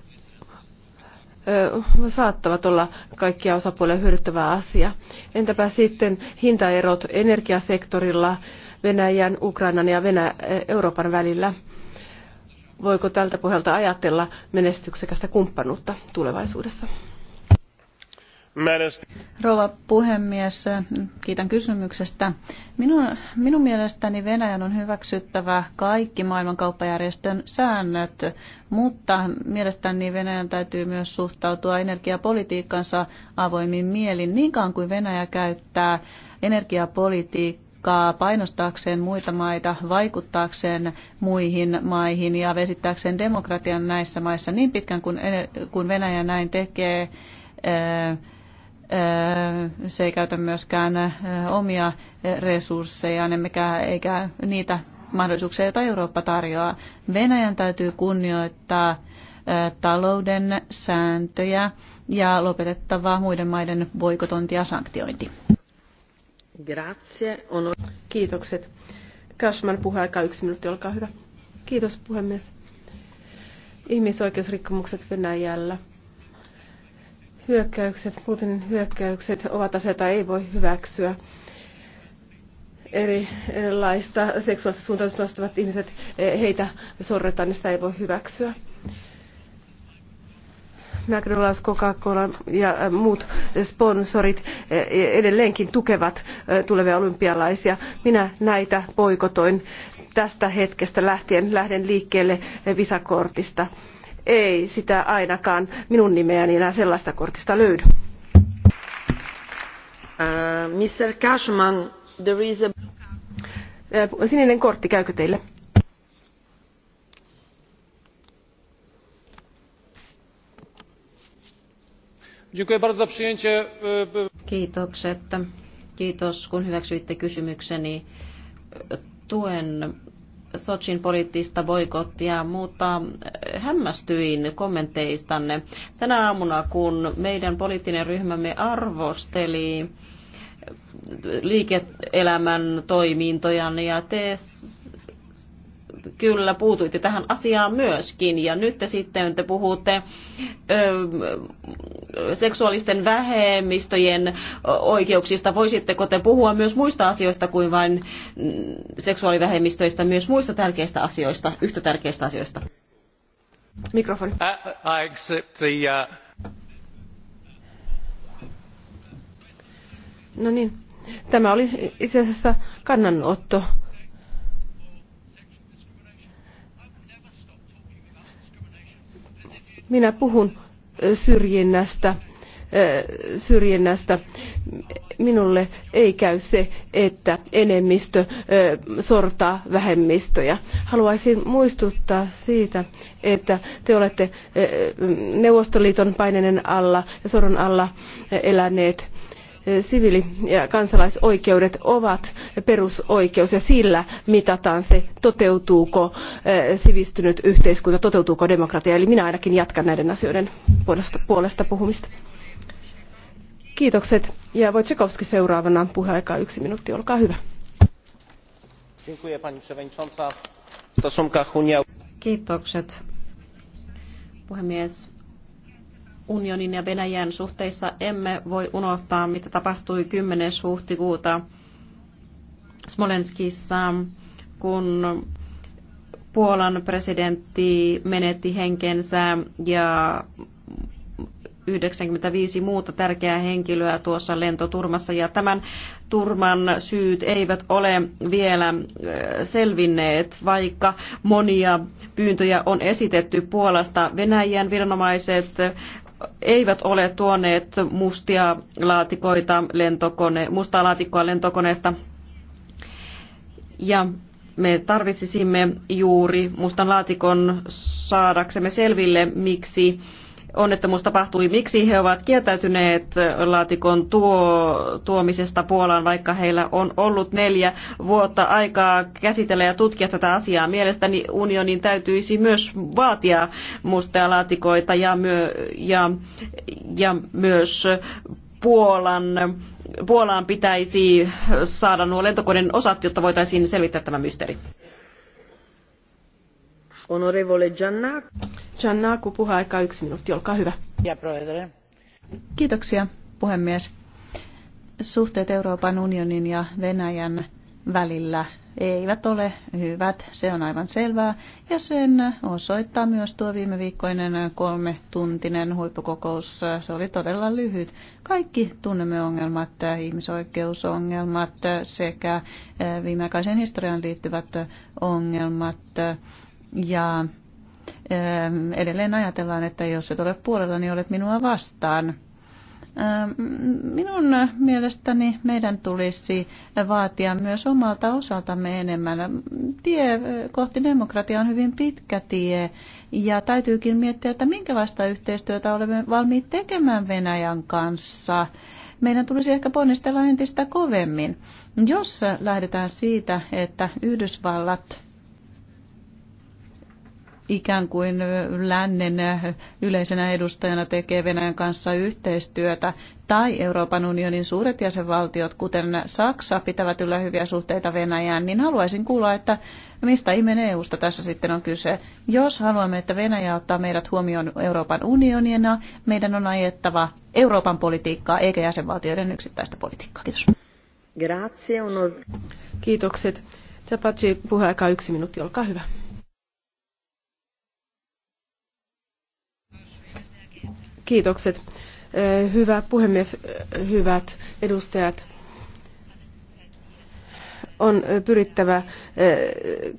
saattavat olla kaikkia osapuolia hyödyttävä asia. Entäpä sitten hintaerot energiasektorilla Venäjän, Ukrainan ja Venä- Euroopan välillä? Voiko tältä pohjalta ajatella menestyksekästä kumppanuutta tulevaisuudessa? Rouva puhemies, kiitän kysymyksestä. Minun, minun mielestäni Venäjän on hyväksyttävä kaikki maailmankauppajärjestön säännöt, mutta mielestäni Venäjän täytyy myös suhtautua energiapolitiikkansa avoimin mielin. Niin kauan kuin Venäjä käyttää energiapolitiikkaa, painostaakseen muita maita, vaikuttaakseen muihin maihin ja vesittääkseen demokratian näissä maissa niin pitkään kuin, Venäjä näin tekee. Ää, eh, se ei käytä myöskään omia resursseja, emmekä, eikä niitä mahdollisuuksia, joita Eurooppa tarjoaa. Venäjän täytyy kunnioittaa talouden sääntöjä ja lopetettava muiden maiden voikotonti ja sanktiointi. Grazie. On... Kiitokset. Cashman puheaika yksi minuutti, olkaa hyvä. Kiitos puhemies. Ihmisoikeusrikkomukset Venäjällä hyökkäykset, Putinin hyökkäykset ovat aseita, ei voi hyväksyä. Eri, erilaista seksuaalista suuntautumista nostavat ihmiset, eh, heitä sorretaan, niin sitä ei voi hyväksyä. McDonald's, Coca-Cola ja eh, muut sponsorit eh, e, edelleenkin tukevat tulevia olympialaisia. Minä näitä poikotoin tästä hetkestä lähtien. Lähden liikkeelle visakortista ei sitä ainakaan minun nimeäni enää sellaista kortista löydy. Uh, Mr. Cashman, a... Uh, sininen kortti, käykö teille? Kiitokset. Kiitos, kun hyväksyitte kysymykseni. Tuen Sochin poliittista boikottia, mutta eh, hämmästyin kommenteistanne tänä aamuna, kun meidän poliittinen ryhmämme arvosteli eh, liike-elämän toimintoja ja te kyllä puutuitte tähän asiaan myöskin. Ja nyt te sitten te puhutte ö, seksuaalisten vähemmistöjen oikeuksista. Voisitteko te puhua myös muista asioista kuin vain mm, seksuaalivähemmistöistä, myös muista tärkeistä asioista, yhtä tärkeistä asioista? Mikrofoni. Uh, I accept the, uh... No niin, tämä oli itse asiassa kannanotto Minä puhun syrjinnästä syrjinnästä. Minulle ei käy se, että enemmistö sortaa vähemmistöjä. Haluaisin muistuttaa siitä, että te olette Neuvostoliiton painenen alla ja sodan alla eläneet siviili- ja kansalaisoikeudet ovat perusoikeus ja sillä mitataan se, toteutuuko sivistynyt yhteiskunta, toteutuuko demokratia. Eli minä ainakin jatkan näiden asioiden puolesta, puhumista. Kiitokset. Ja Wojciechowski seuraavana. Puheaikaa yksi minuutti, olkaa hyvä. Kiitokset, puhemies unionin ja Venäjän suhteissa emme voi unohtaa, mitä tapahtui 10. huhtikuuta Smolenskissa, kun Puolan presidentti menetti henkensä ja 95 muuta tärkeää henkilöä tuossa lentoturmassa ja tämän turman syyt eivät ole vielä selvinneet, vaikka monia pyyntöjä on esitetty Puolasta. Venäjän viranomaiset eivät ole tuoneet mustia laatikoita lentokone, mustaa laatikkoa lentokoneesta. Ja me tarvitsisimme juuri mustan laatikon saadaksemme selville, miksi onnettomuus tapahtui, miksi he ovat kieltäytyneet laatikon tuo, tuomisesta Puolaan, vaikka heillä on ollut neljä vuotta aikaa käsitellä ja tutkia tätä asiaa. Mielestäni unionin täytyisi myös vaatia mustia laatikoita ja, myö, ja, ja myös Puolan, Puolaan pitäisi saada nuo lentokoneen osat, jotta voitaisiin selvittää tämä mysteeri. Onorevole Giannac. Giannaku, puheaika yksi minuutti, olkaa hyvä. Kiitoksia, puhemies. Suhteet Euroopan unionin ja Venäjän välillä eivät ole hyvät, se on aivan selvää. Ja sen osoittaa myös tuo viime viikkoinen kolme tuntinen huippukokous, se oli todella lyhyt. Kaikki tunnemme ongelmat, ihmisoikeusongelmat sekä eh, viimeaikaisen historian liittyvät ongelmat. Ja edelleen ajatellaan, että jos et ole puolella, niin olet minua vastaan. Minun mielestäni meidän tulisi vaatia myös omalta osaltamme enemmän. Tie kohti demokratiaa on hyvin pitkä tie ja täytyykin miettiä, että minkälaista yhteistyötä olemme valmiit tekemään Venäjän kanssa. Meidän tulisi ehkä ponnistella entistä kovemmin. Jos lähdetään siitä, että Yhdysvallat ikään kuin lännen yleisenä edustajana tekee Venäjän kanssa yhteistyötä, tai Euroopan unionin suuret jäsenvaltiot, kuten Saksa, pitävät yllä hyviä suhteita Venäjään, niin haluaisin kuulla, että mistä imen EUsta tässä sitten on kyse. Jos haluamme, että Venäjä ottaa meidät huomioon Euroopan unionina, meidän on ajettava Euroopan politiikkaa eikä jäsenvaltioiden yksittäistä politiikkaa. Kiitos. Grazie, Kiitokset. Chapachi, puheaika yksi minuutti, olkaa hyvä. Kiitokset. Eh, hyvä puhemies, eh, hyvät edustajat. On eh, pyrittävä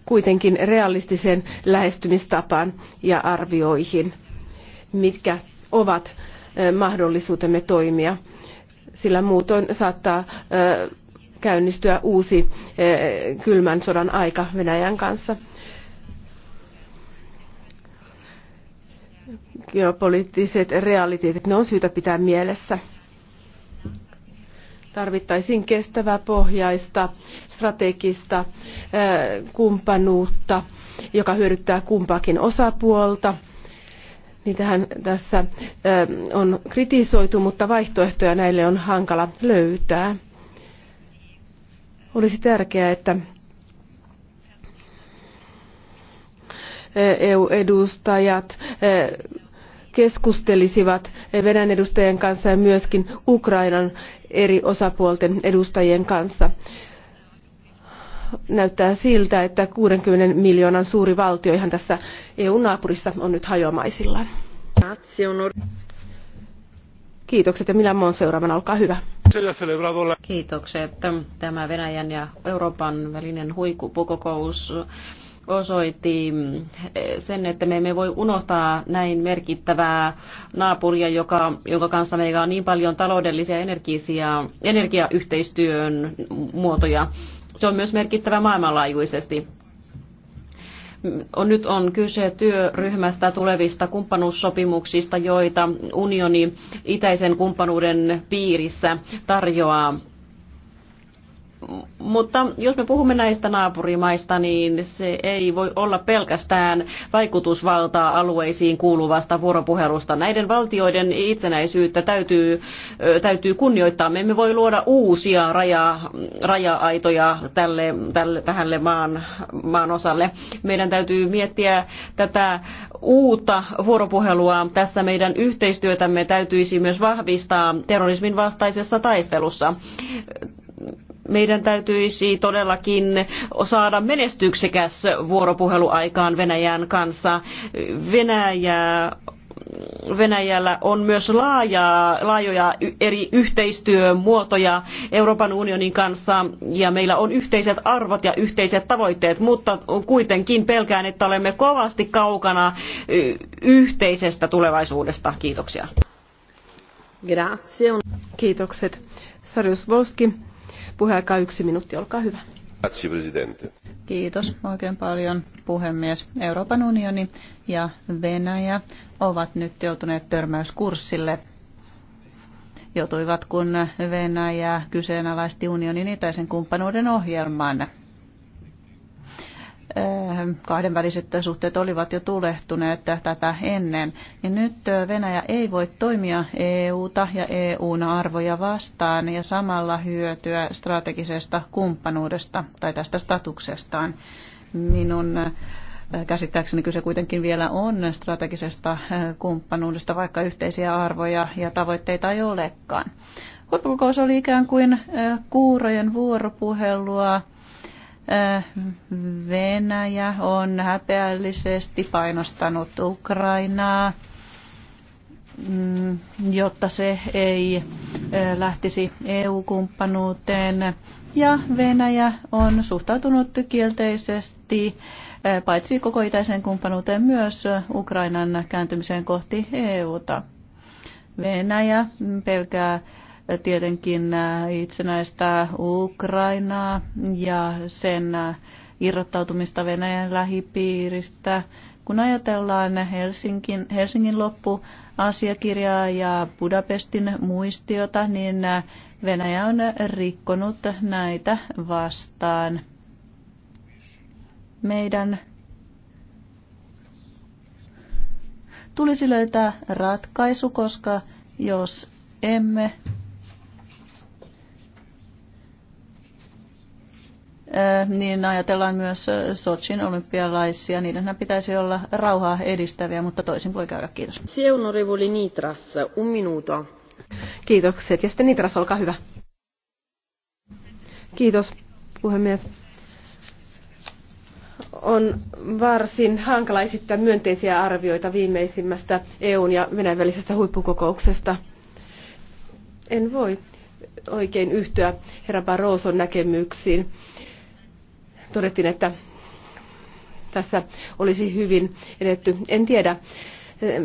kuitenkin realistiseen lähestymistapaan ja arvioihin, mitkä ovat mahdollisuutemme toimia, sillä muutoin saattaa käynnistyä uusi kylmän sodan aika Venäjän kanssa. geopoliittiset realiteetit, ne on syytä pitää mielessä. Tarvittaisiin kestävää pohjaista, strategista kumppanuutta, joka hyödyttää kumpaakin osapuolta. Niitähän tässä on kritisoitu, mutta vaihtoehtoja näille on hankala löytää. Olisi tärkeää, että E, EU-edustajat e, keskustelisivat Venäjän edustajien kanssa ja myöskin Ukrainan eri osapuolten edustajien kanssa. Näyttää siltä, että 60 miljoonan suuri valtio ihan tässä EU-naapurissa on nyt hajoamaisillaan. Kiitokset ja Milan Mon seuraavana, olkaa hyvä. Kiitokset. Tämä Venäjän ja Euroopan välinen huippukokous osoitti sen, että me emme voi unohtaa näin merkittävää naapuria, joka, jonka kanssa meillä on niin paljon taloudellisia energisia, energiayhteistyön muotoja. Se on myös merkittävä maailmanlaajuisesti on, nyt on kyse työryhmästä tulevista kumppanuussopimuksista, joita unioni itäisen kumppanuuden piirissä tarjoaa mutta jos me puhumme näistä naapurimaista, niin se ei voi olla pelkästään vaikutusvaltaa alueisiin kuuluvasta vuoropuhelusta. Näiden valtioiden itsenäisyyttä täytyy, täytyy kunnioittaa. Me emme voi luoda uusia raja, raja-aitoja tälle, tälle, tähälle maan, maan osalle. Meidän täytyy miettiä tätä uutta vuoropuhelua. Tässä meidän yhteistyötämme täytyisi myös vahvistaa terrorismin vastaisessa taistelussa meidän täytyisi todellakin saada menestyksekäs vuoropuhelu aikaan Venäjän kanssa. Venäjä Venäjällä on myös laaja laajoja eri yhteistyömuotoja Euroopan unionin kanssa ja meillä on yhteiset arvot ja yhteiset tavoitteet, mutta kuitenkin pelkään, että olemme kovasti kaukana yhteisestä tulevaisuudesta. Kiitoksia. Grazie. Kiitokset. Sarjus Volski. Puheaika yksi minuutti, olkaa hyvä. Kiitos oikein paljon puhemies. Euroopan unioni ja Venäjä ovat nyt joutuneet törmäyskurssille. Joutuivat kun Venäjä kyseenalaisti unionin itäisen kumppanuuden ohjelman Äh, kahdenväliset suhteet olivat jo tulehtuneet tätä ennen, ja nyt äh, Venäjä ei voi toimia EUta ja EUn arvoja vastaan ja samalla hyötyä strategisesta kumppanuudesta tai tästä statuksestaan. Minun äh, käsittääkseni kyse kuitenkin vielä on strategisesta kumppanuudesta, vaikka yhteisiä arvoja ja tavoitteita ei olekaan. Huippukokous oli ikään kuin kuurojen vuoropuhelua Äh, Venäjä on häpeällisesti painostanut Ukrainaa, mm, jotta se ei äh, lähtisi EU-kumppanuuteen. Ja Venäjä on suhtautunut kielteisesti äh, paitsi koko itäiseen kumppanuuteen myös Ukrainan kääntymiseen kohti EUta. Venäjä pelkää tietenkin äh, itsenäistä Ukrainaa ja sen äh, irrottautumista Venäjän lähipiiristä. Kun ajatellaan Helsingin, Helsingin loppuasiakirjaa ja Budapestin muistiota, niin äh, Venäjä on rikkonut näitä vastaan. Meidän tulisi löytää ratkaisu, koska jos emme niin ajatellaan myös Sochin olympialaisia. Niiden pitäisi olla rauhaa edistäviä, mutta toisin voi käydä. Kiitos. Seunorevoli Nitras, un minuto. Kiitokset. Ja sitten Nitras, olkaa hyvä. Kiitos, puhemies on varsin hankala esittää myönteisiä arvioita viimeisimmästä EUn ja Venäjän välisestä huippukokouksesta. En voi oikein yhtyä herra Barroson näkemyksiin todettiin, että tässä olisi hyvin edetty. En tiedä,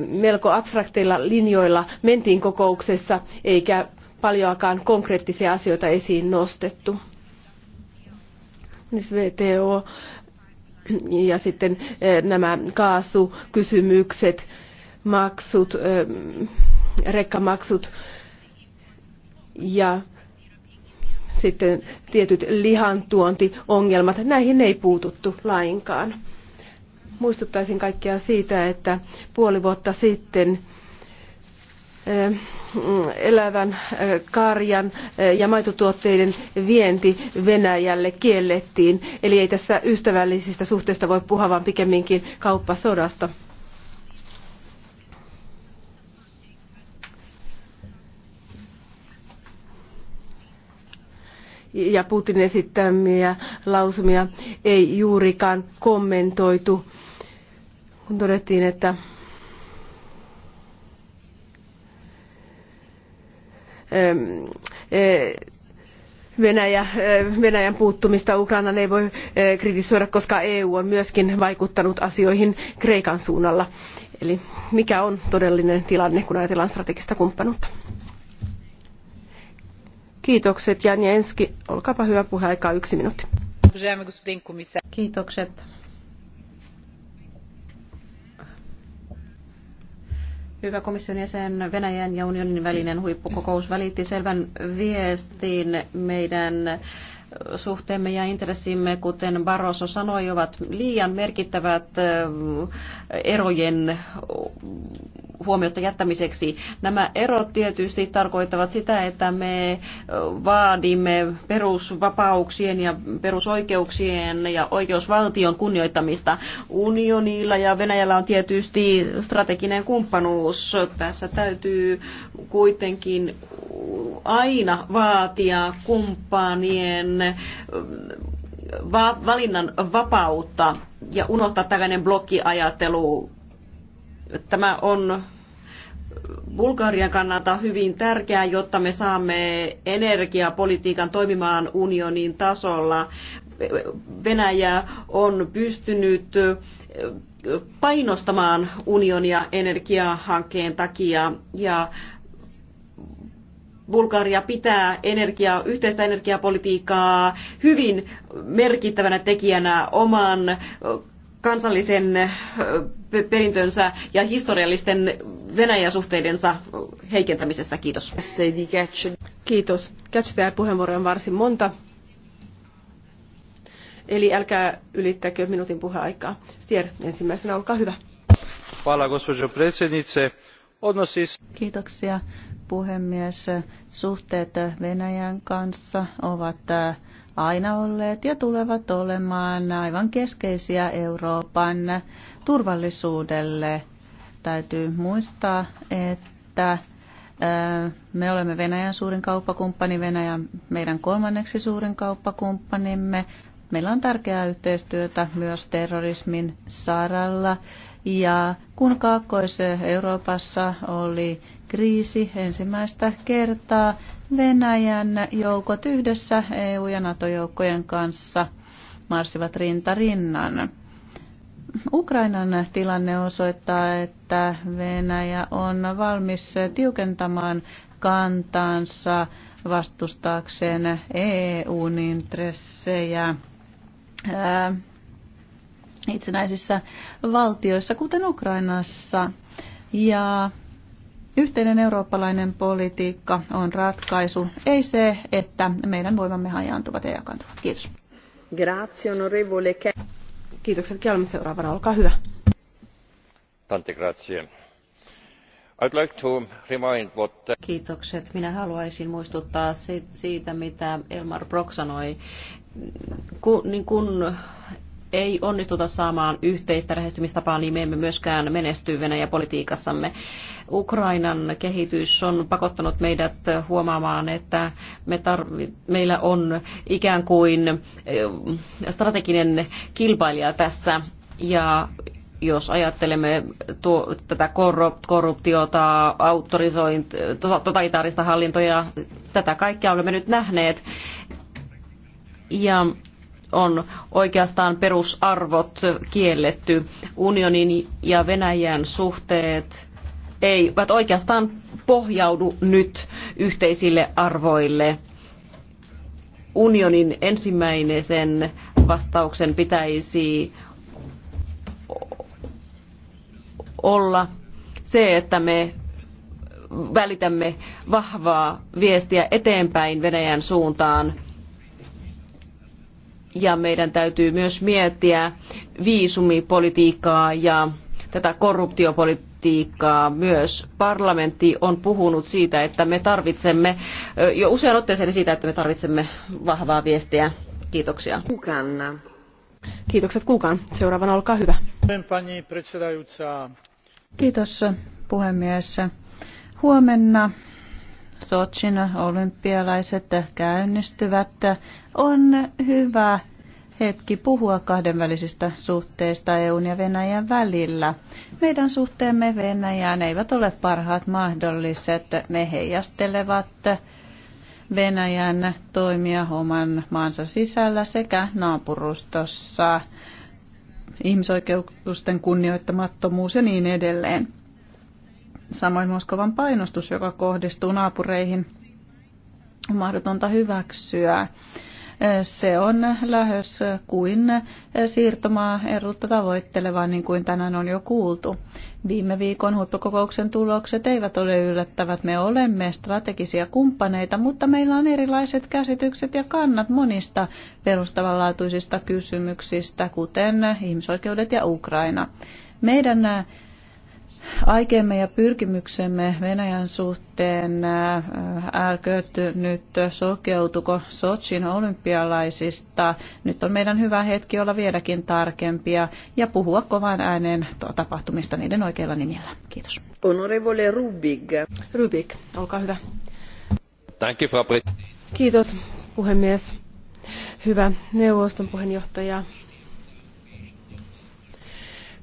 melko abstrakteilla linjoilla mentiin kokouksessa, eikä paljoakaan konkreettisia asioita esiin nostettu. VTO ja sitten eh, nämä kaasukysymykset, maksut, eh, rekkamaksut ja sitten tietyt lihantuontiongelmat. Näihin ei puututtu lainkaan. Muistuttaisin kaikkia siitä, että puoli vuotta sitten eh, elävän eh, karjan eh, ja maitotuotteiden vienti Venäjälle kiellettiin. Eli ei tässä ystävällisistä suhteista voi puhua, vaan pikemminkin kauppasodasta. ja Putin esittämiä lausumia ei juurikaan kommentoitu, kun todettiin, että e, Venäjä, e, Venäjän puuttumista Ukrainaan ei voi e, kritisoida, koska EU on myöskin vaikuttanut asioihin Kreikan suunnalla. Eli mikä on todellinen tilanne, kun ajatellaan strategista kumppanuutta? Kiitokset Jani Enski. Olkaapa hyvä puheaikaa yksi minuutti. Kiitokset. Hyvä komission jäsen, Venäjän ja unionin välinen huippukokous välitti selvän viestin meidän suhteemme ja intressimme, kuten Barroso sanoi, ovat liian merkittävät erojen huomiota jättämiseksi. Nämä erot tietysti tarkoittavat sitä, että me vaadimme perusvapauksien ja perusoikeuksien ja oikeusvaltion kunnioittamista. Unionilla ja Venäjällä on tietysti strateginen kumppanuus. Tässä täytyy kuitenkin aina vaatia kumppanien mm, va- valinnan vapautta ja unohtaa tällainen blokkiajattelu. Tämä on Bulgarian kannalta hyvin tärkeää, jotta me saamme energiapolitiikan toimimaan unionin tasolla. Venäjä on pystynyt painostamaan unionia energiahankkeen takia ja Bulgaria pitää energia, yhteistä energiapolitiikkaa hyvin merkittävänä tekijänä oman kansallisen perintönsä ja historiallisten Venäjä-suhteidensa heikentämisessä. Kiitos. Kiitos. Catch puheenvuoroja on varsin monta. Eli älkää ylittäkö minuutin puheaikaa. Stier, ensimmäisenä olkaa hyvä. Kiitoksia puhemies. Suhteet Venäjän kanssa ovat aina olleet ja tulevat olemaan aivan keskeisiä Euroopan turvallisuudelle. Täytyy muistaa, että me olemme Venäjän suurin kauppakumppani, Venäjä meidän kolmanneksi suurin kauppakumppanimme. Meillä on tärkeää yhteistyötä myös terrorismin saralla. Ja kun Kaakkois-Euroopassa oli kriisi ensimmäistä kertaa Venäjän joukot yhdessä EU- ja NATO-joukkojen kanssa marssivat rinta rinnan. Ukrainan tilanne osoittaa, että Venäjä on valmis tiukentamaan kantansa vastustaakseen EUn intressejä itsenäisissä valtioissa, kuten Ukrainassa. Ja Yhteinen eurooppalainen politiikka on ratkaisu, ei se, että meidän voimamme hajaantuvat ja jakantuvat. Kiitos. Grazie, onorevole. Kiitokset Kelmi. Seuraavana, olkaa hyvä. Tante grazie. I'd like to remind what... Kiitokset. Minä haluaisin muistuttaa siitä, mitä Elmar Brock sanoi. Kun, niin kun ei onnistuta saamaan yhteistä lähestymistapaa, niin me emme myöskään menesty Venäjä-politiikassamme. Ukrainan kehitys on pakottanut meidät huomaamaan, että me tarvi, meillä on ikään kuin eh, strateginen kilpailija tässä ja jos ajattelemme tuo, tätä korruptiota, autorisointia, totalitaarista hallintoja, tätä kaikkea olemme nyt nähneet. Ja on oikeastaan perusarvot kielletty. Unionin ja Venäjän suhteet eivät oikeastaan pohjaudu nyt yhteisille arvoille. Unionin ensimmäisen vastauksen pitäisi olla se, että me välitämme vahvaa viestiä eteenpäin Venäjän suuntaan ja meidän täytyy myös miettiä viisumipolitiikkaa ja tätä korruptiopolitiikkaa myös. Parlamentti on puhunut siitä, että me tarvitsemme jo usean otteeseen siitä, että me tarvitsemme vahvaa viestiä. Kiitoksia. Kukaan. Kiitokset kukaan. Seuraavana olkaa hyvä. Kiitos puhemies. Huomenna Sochin olympialaiset käynnistyvät, on hyvä hetki puhua kahdenvälisistä suhteista EUn ja Venäjän välillä. Meidän suhteemme Venäjään eivät ole parhaat mahdolliset. Ne heijastelevat Venäjän toimia oman maansa sisällä sekä naapurustossa, ihmisoikeuksien kunnioittamattomuus ja niin edelleen. Samoin Moskovan painostus, joka kohdistuu naapureihin, on mahdotonta hyväksyä. Se on lähes kuin siirtomaa erutta tavoitteleva, niin kuin tänään on jo kuultu. Viime viikon huippukokouksen tulokset eivät ole yllättävät. Me olemme strategisia kumppaneita, mutta meillä on erilaiset käsitykset ja kannat monista perustavanlaatuisista kysymyksistä, kuten ihmisoikeudet ja Ukraina. Meidän aikeemme ja pyrkimyksemme Venäjän suhteen äh, äh, älkööt nyt sokeutuko Sotsin olympialaisista. Nyt on meidän hyvä hetki olla vieläkin tarkempia ja puhua kovan ääneen tapahtumista niiden oikeilla nimillä. Kiitos. Honorevole Rubig. Rubik, olkaa hyvä. Thank you, Kiitos puhemies. Hyvä neuvoston puheenjohtaja.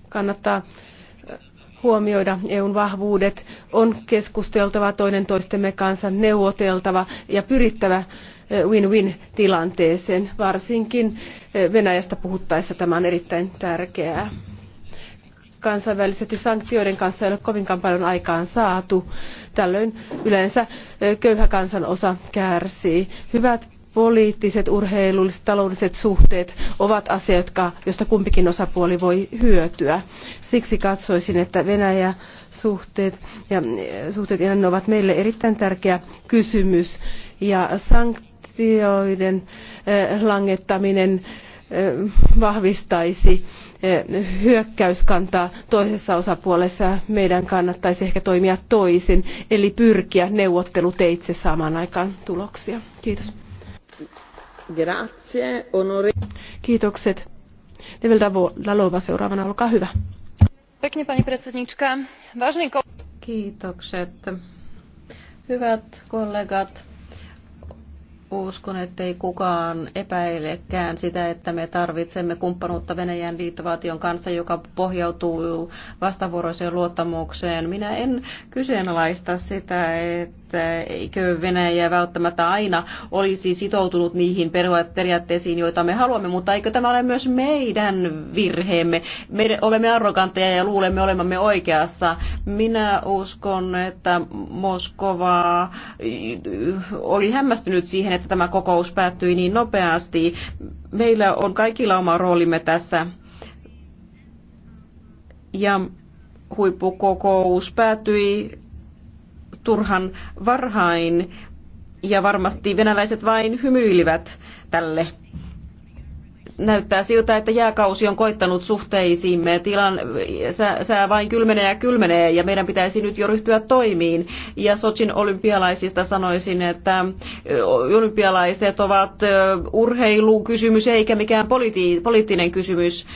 Kannattaa huomioida EUn vahvuudet, on keskusteltava toinen toistemme kanssa, neuvoteltava ja pyrittävä eh, win-win tilanteeseen. Varsinkin eh, Venäjästä puhuttaessa tämä on erittäin tärkeää. Kansainvälisesti sanktioiden kanssa ei ole kovinkaan paljon aikaan saatu. Tällöin yleensä eh, köyhä kansanosa kärsii. Hyvät poliittiset, urheilulliset, taloudelliset suhteet ovat asia, jotka, josta kumpikin osapuoli voi hyötyä. Siksi katsoisin, että Venäjä suhteet ja eh, suhteet Iran ovat meille erittäin tärkeä kysymys. Ja sanktioiden eh, langettaminen eh, vahvistaisi hyökkäyskantaa toisessa osapuolessa meidän kannattaisi ehkä toimia toisin eli pyrkiä neuvotteluteitse saamaan aikaan tuloksia. Kiitos. Grazie, onore. Kiitokset. Neveltä Lalova seuraavana, olkaa hyvä. Pekni, pani predsednička. Kiitokset. Hyvät kollegat, uskon, että ei kukaan epäilekään sitä, että me tarvitsemme kumppanuutta Venäjän liittovaltion kanssa, joka pohjautuu vastavuoroiseen luottamukseen. Minä en kyseenalaista sitä, että että eikö Venäjä välttämättä aina olisi sitoutunut niihin periaatteisiin, joita me haluamme, mutta eikö tämä ole myös meidän virheemme? Me olemme arroganteja ja luulemme olemamme oikeassa. Minä uskon, että Moskova äh, oli hämmästynyt siihen, että tämä kokous päättyi niin nopeasti. Meillä on kaikilla oma roolimme tässä. Ja huippukokous päättyi turhan varhain ja varmasti venäläiset vain hymyilivät tälle. Näyttää siltä, että jääkausi on koittanut suhteisiimme. Tilan sää, sää vain kylmenee ja kylmenee ja meidän pitäisi nyt jo ryhtyä toimiin. Ja Sochin olympialaisista sanoisin, että olympialaiset ovat urheilukysymys eikä mikään politi- poliittinen kysymys.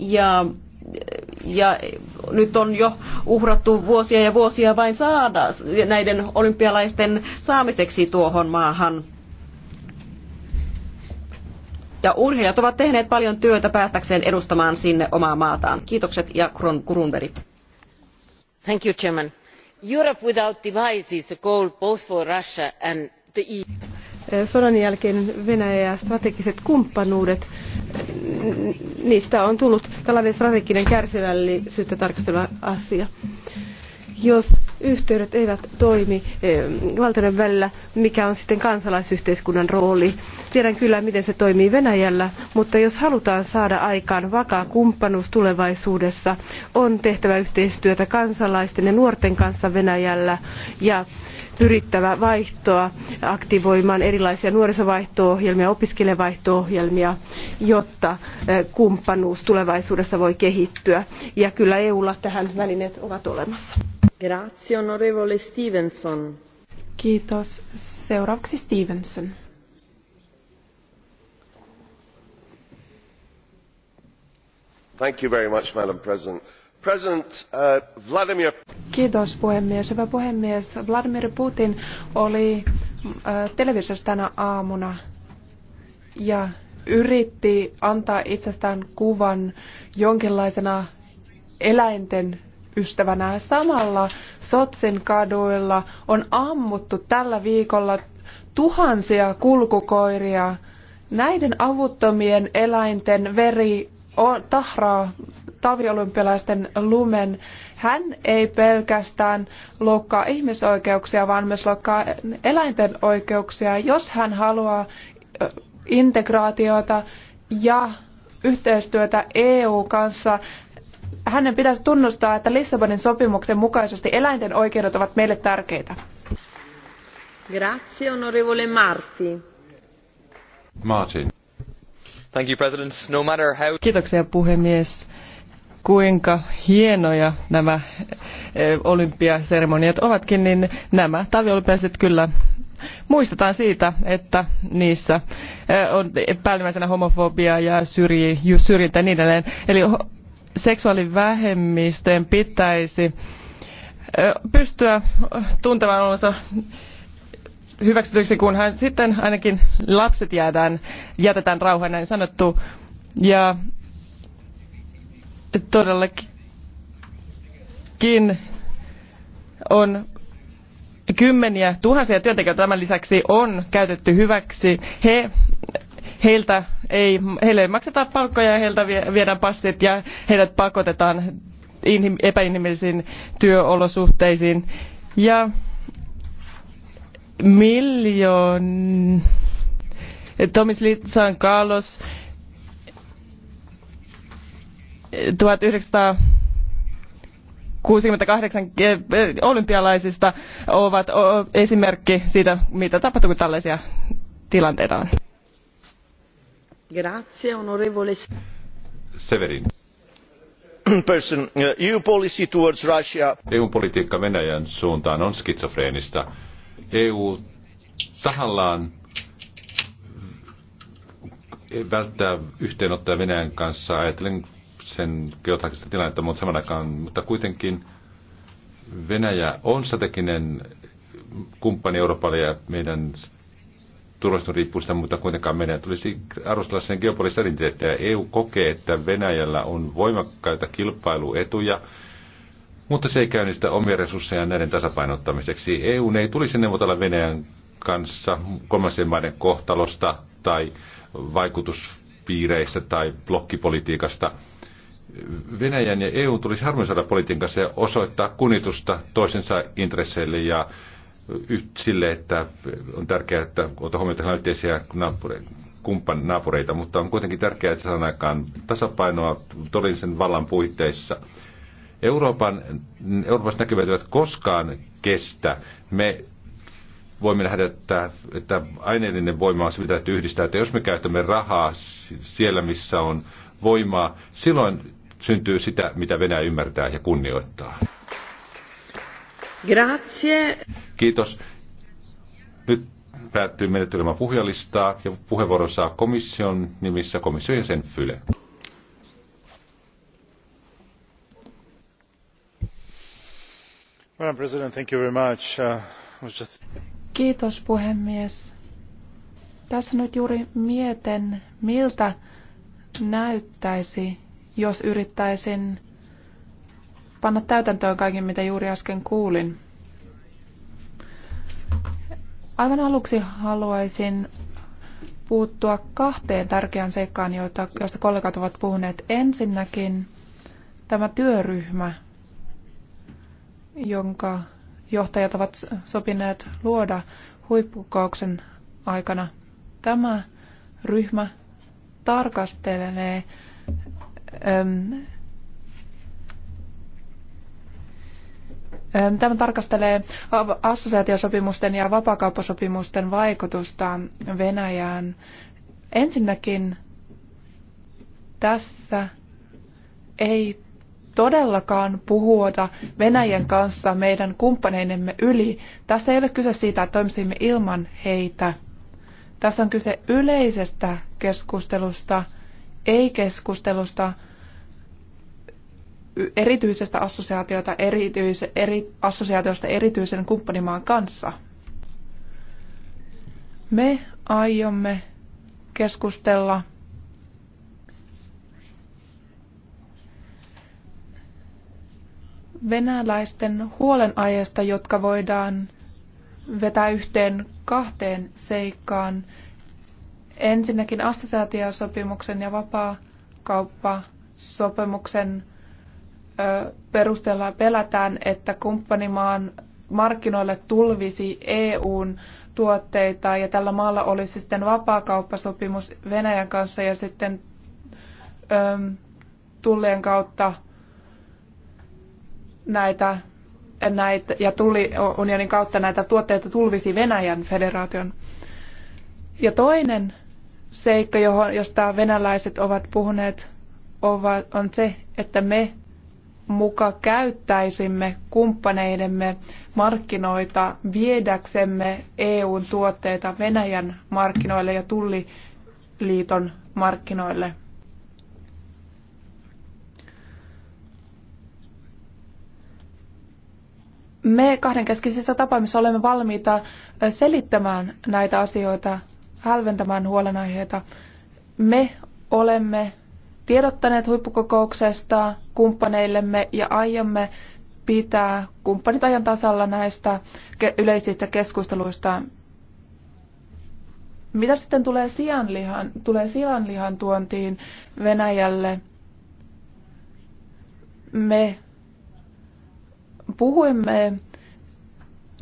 Ja ja nyt on jo uhrattu vuosia ja vuosia vain saada näiden olympialaisten saamiseksi tuohon maahan. Ja urheilijat ovat tehneet paljon työtä päästäkseen edustamaan sinne omaa maataan. Kiitokset ja Grunberg. Thank you, Chairman. Europe without is a goal both for Russia and the EU sodan jälkeen Venäjä ja strategiset kumppanuudet, niistä on tullut tällainen strateginen kärsivällisyyttä tarkasteleva asia. Jos yhteydet eivät toimi eh, valtioiden välillä, mikä on sitten kansalaisyhteiskunnan rooli? Tiedän kyllä, miten se toimii Venäjällä, mutta jos halutaan saada aikaan vakaa kumppanuus tulevaisuudessa, on tehtävä yhteistyötä kansalaisten ja nuorten kanssa Venäjällä ja pyrittävä vaihtoa aktivoimaan erilaisia nuorisovaihto-ohjelmia, opiskelijavaihto-ohjelmia, jotta eh, kumppanuus tulevaisuudessa voi kehittyä. Ja kyllä EUlla tähän välineet ovat olemassa. Grazie, onorevole Stevenson. Kiitos. Seuraavaksi Stevenson. Thank you very much, Madam President. Uh, Kiitos puhemies. Hyvä puhemies. Vladimir Putin oli uh, televisiossa tänä aamuna ja yritti antaa itsestään kuvan jonkinlaisena eläinten ystävänä. Samalla Sotsin kaduilla on ammuttu tällä viikolla tuhansia kulkukoiria. Näiden avuttomien eläinten veri tahraa taviolympialaisten lumen. Hän ei pelkästään loukkaa ihmisoikeuksia, vaan myös loukkaa eläinten oikeuksia, jos hän haluaa integraatiota ja yhteistyötä EU kanssa. Hänen pitäisi tunnustaa, että Lissabonin sopimuksen mukaisesti eläinten oikeudet ovat meille tärkeitä. Grazie, onorevole Martin. Martin. Thank you, President. No matter how... Kiitoksia puhemies. Kuinka hienoja nämä eh, olympiaseremoniat ovatkin, niin nämä talviolympiaiset kyllä muistetaan siitä, että niissä eh, on päällimmäisenä homofobia ja syrjintä ja niin edelleen. Eli seksuaalivähemmistöjen pitäisi eh, pystyä tuntemaan olonsa hyväksytyksi, kunhan sitten ainakin lapset jäädään, jätetään rauhaan, näin sanottu. Ja todellakin on kymmeniä tuhansia työntekijöitä tämän lisäksi on käytetty hyväksi. He, heiltä ei, heille ei makseta palkkoja ja heiltä viedään passit ja heidät pakotetaan inhim, epäinhimillisiin työolosuhteisiin. Ja miljoon... Tomis Litsan Kalos 1968 eh, olympialaisista ovat esimerkki siitä, mitä tapahtuu, kun tällaisia tilanteita on. Grazie, onorevole. Severin. Person, eh, EU policy towards Russia. EU-politiikka Venäjän suuntaan on skitsofreenista EU tahallaan välttää yhteenottoja Venäjän kanssa, ajatellen sen geotaktista tilannetta, mutta saman aikaan, mutta kuitenkin Venäjä on strateginen kumppani Euroopalle ja meidän turvallisuus riippuu sitä, mutta kuitenkaan meidän tulisi arvostella sen geopoliittista identiteettiä. EU kokee, että Venäjällä on voimakkaita kilpailuetuja, mutta se ei käynnistä omia resursseja näiden tasapainottamiseksi. EU ei tulisi neuvotella Venäjän kanssa kolmansien maiden kohtalosta tai vaikutuspiireistä tai blokkipolitiikasta. Venäjän ja EU tulisi harmonisoida politiikassa ja osoittaa kunnitusta toisensa intresseille ja sille, että on tärkeää, että ota huomioon yhteisiä naapureita kumppan naapureita, mutta on kuitenkin tärkeää, että saadaan aikaan tasapainoa todellisen vallan puitteissa. Euroopan, Euroopassa näkymät eivät koskaan kestä. Me voimme nähdä, että, että aineellinen voima on se, mitä täytyy yhdistää. Että jos me käytämme rahaa siellä, missä on voimaa, silloin syntyy sitä, mitä Venäjä ymmärtää ja kunnioittaa. Grazie. Kiitos. Nyt päättyy menettelemään puhujalistaa ja puheenvuoron saa komission nimissä komission sen Fyle. Uh, Kiitos puhemies. Tässä nyt juuri mietin, miltä näyttäisi, jos yrittäisin panna täytäntöön kaiken, mitä juuri äsken kuulin. Aivan aluksi haluaisin puuttua kahteen tärkeään seikkaan, joista kollegat ovat puhuneet. Ensinnäkin tämä työryhmä – jonka johtajat ovat sopineet luoda huippukokouksen aikana. Tämä ryhmä tarkastelee äm, ähm, Tämä tarkastelee assosiaatiosopimusten ja vapakauppasopimusten vaikutusta Venäjään. Ensinnäkin tässä ei todellakaan puhua Venäjän kanssa meidän kumppaneidemme yli. Tässä ei ole kyse siitä, että toimisimme ilman heitä. Tässä on kyse yleisestä keskustelusta, ei keskustelusta erityisestä assosiaatiota erityis, eri, assosiaatiosta erityisen kumppanimaan kanssa. Me aiomme keskustella venäläisten huolenaiheesta, jotka voidaan vetää yhteen kahteen seikkaan. Ensinnäkin assosiaatiosopimuksen ja vapaakauppasopimuksen perusteella pelätään, että kumppanimaan markkinoille tulvisi EUn tuotteita ja tällä maalla olisi sitten vapaakauppasopimus Venäjän kanssa ja sitten tullien kautta näitä, näitä ja unionin kautta näitä tuotteita tulvisi Venäjän federaation. Ja toinen seikka, johon, josta venäläiset ovat puhuneet, ovat, on se, että me muka käyttäisimme kumppaneidemme markkinoita viedäksemme EUn tuotteita Venäjän markkinoille ja tulliliiton markkinoille. me kahdenkeskisissä tapaamissa olemme valmiita selittämään näitä asioita, hälventämään huolenaiheita. Me olemme tiedottaneet huippukokouksesta kumppaneillemme ja aiomme pitää kumppanit ajan tasalla näistä yleisistä keskusteluista. Mitä sitten tulee sianlihan, tulee sianlihan tuontiin Venäjälle? Me puhuimme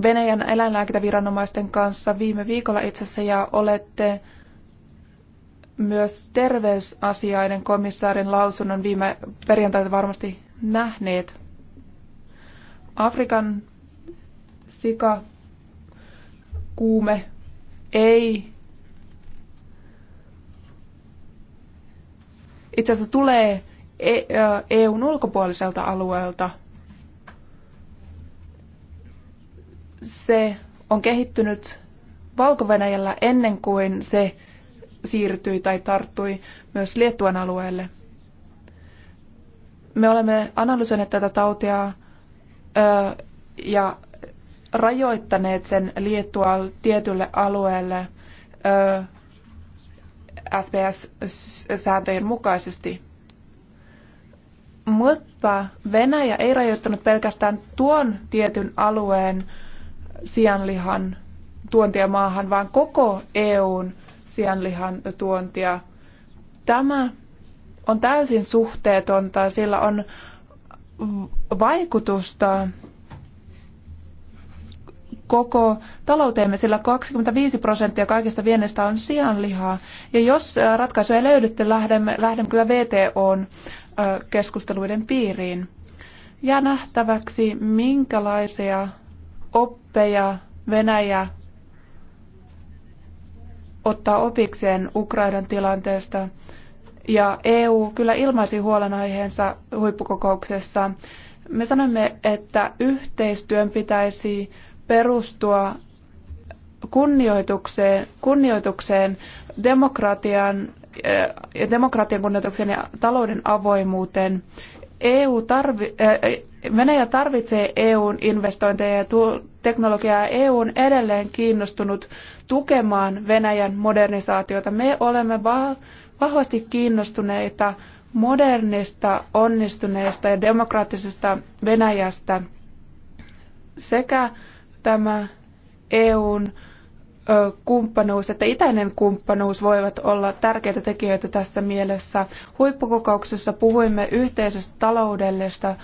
Venäjän eläinlääkintäviranomaisten kanssa viime viikolla itse asiassa ja olette myös terveysasiaiden komissaarin lausunnon viime perjantaita varmasti nähneet. Afrikan sika kuume ei itse asiassa tulee e- EUn ulkopuoliselta alueelta – se on kehittynyt valko ennen kuin se siirtyi tai tarttui myös Liettuan alueelle. Me olemme analysoineet tätä tautia ö, ja rajoittaneet sen Liettua tietylle alueelle ö, SPS-sääntöjen mukaisesti. Mutta Venäjä ei rajoittanut pelkästään tuon tietyn alueen sianlihan tuontia maahan, vaan koko EUn sianlihan tuontia. Tämä on täysin suhteetonta, sillä on vaikutusta koko talouteemme, sillä 25 prosenttia kaikista viennistä on sianlihaa. Ja jos ratkaisuja ei löydy, niin lähdemme, lähdemme kyllä VTOn keskusteluiden piiriin. Ja nähtäväksi, minkälaisia oppeja Venäjä ottaa opikseen Ukrainan tilanteesta. Ja EU kyllä ilmaisi huolenaiheensa huippukokouksessa. Me sanoimme, että yhteistyön pitäisi perustua kunnioitukseen, kunnioitukseen demokratian eh, ja demokratian kunnioitukseen ja talouden avoimuuteen. EU tarvi, äh, Venäjä tarvitsee EUn investointeja ja teknologiaa. EU on edelleen kiinnostunut tukemaan Venäjän modernisaatiota. Me olemme vahvasti kiinnostuneita modernista, onnistuneesta ja demokraattisesta Venäjästä sekä tämä EUn kumppanuus että itäinen kumppanuus voivat olla tärkeitä tekijöitä tässä mielessä. Huippukokouksessa puhuimme yhteisestä taloudellisesta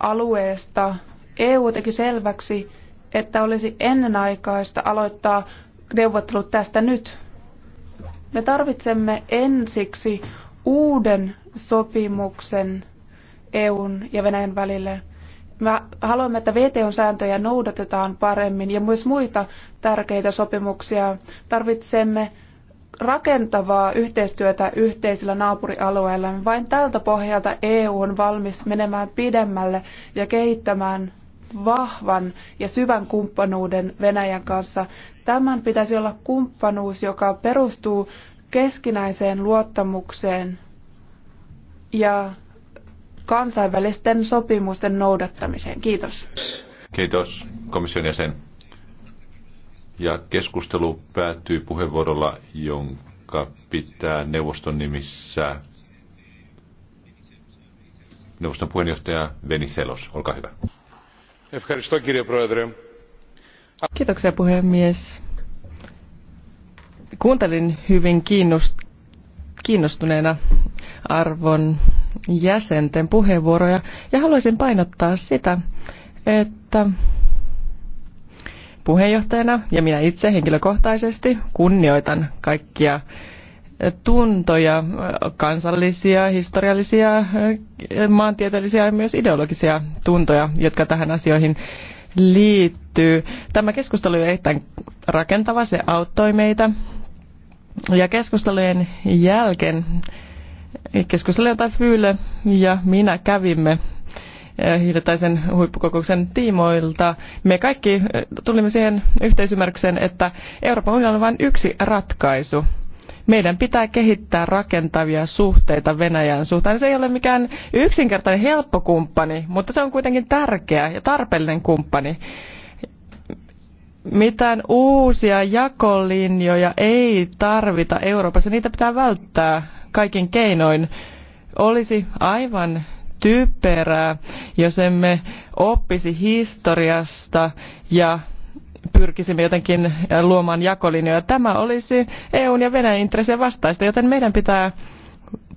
alueesta, EU teki selväksi, että olisi ennenaikaista aloittaa neuvottelut tästä nyt. Me tarvitsemme ensiksi uuden sopimuksen EUn ja Venäjän välille. Me haluamme, että vto sääntöjä noudatetaan paremmin ja myös muita tärkeitä sopimuksia. Tarvitsemme rakentavaa yhteistyötä yhteisillä naapurialueilla. Vain tältä pohjalta EU on valmis menemään pidemmälle ja kehittämään vahvan ja syvän kumppanuuden Venäjän kanssa. Tämän pitäisi olla kumppanuus, joka perustuu keskinäiseen luottamukseen ja kansainvälisten sopimusten noudattamiseen. Kiitos. Kiitos komission jäsen ja keskustelu päättyy puheenvuorolla, jonka pitää neuvoston nimissä neuvoston puheenjohtaja Veni Selos. Olkaa hyvä. Kiitoksia puhemies. Kuuntelin hyvin kiinnostuneena arvon jäsenten puheenvuoroja ja haluaisin painottaa sitä, että puheenjohtajana ja minä itse henkilökohtaisesti kunnioitan kaikkia tuntoja, kansallisia, historiallisia, maantieteellisiä ja myös ideologisia tuntoja, jotka tähän asioihin liittyy. Tämä keskustelu oli erittäin rakentava, se auttoi meitä. Ja keskustelujen jälkeen keskustelijoita Fyyle ja minä kävimme Eh, hiljattaisen huippukokouksen tiimoilta. Me kaikki eh, tulimme siihen yhteisymmärrykseen, että Euroopan unionilla on vain yksi ratkaisu. Meidän pitää kehittää rakentavia suhteita Venäjän suhteen. Se ei ole mikään yksinkertainen helppo kumppani, mutta se on kuitenkin tärkeä ja tarpeellinen kumppani mitään uusia jakolinjoja ei tarvita Euroopassa. Niitä pitää välttää kaikin keinoin. Olisi aivan typerää, jos emme oppisi historiasta ja pyrkisimme jotenkin luomaan jakolinjoja. Tämä olisi EUn ja Venäjän intressien vastaista, joten meidän pitää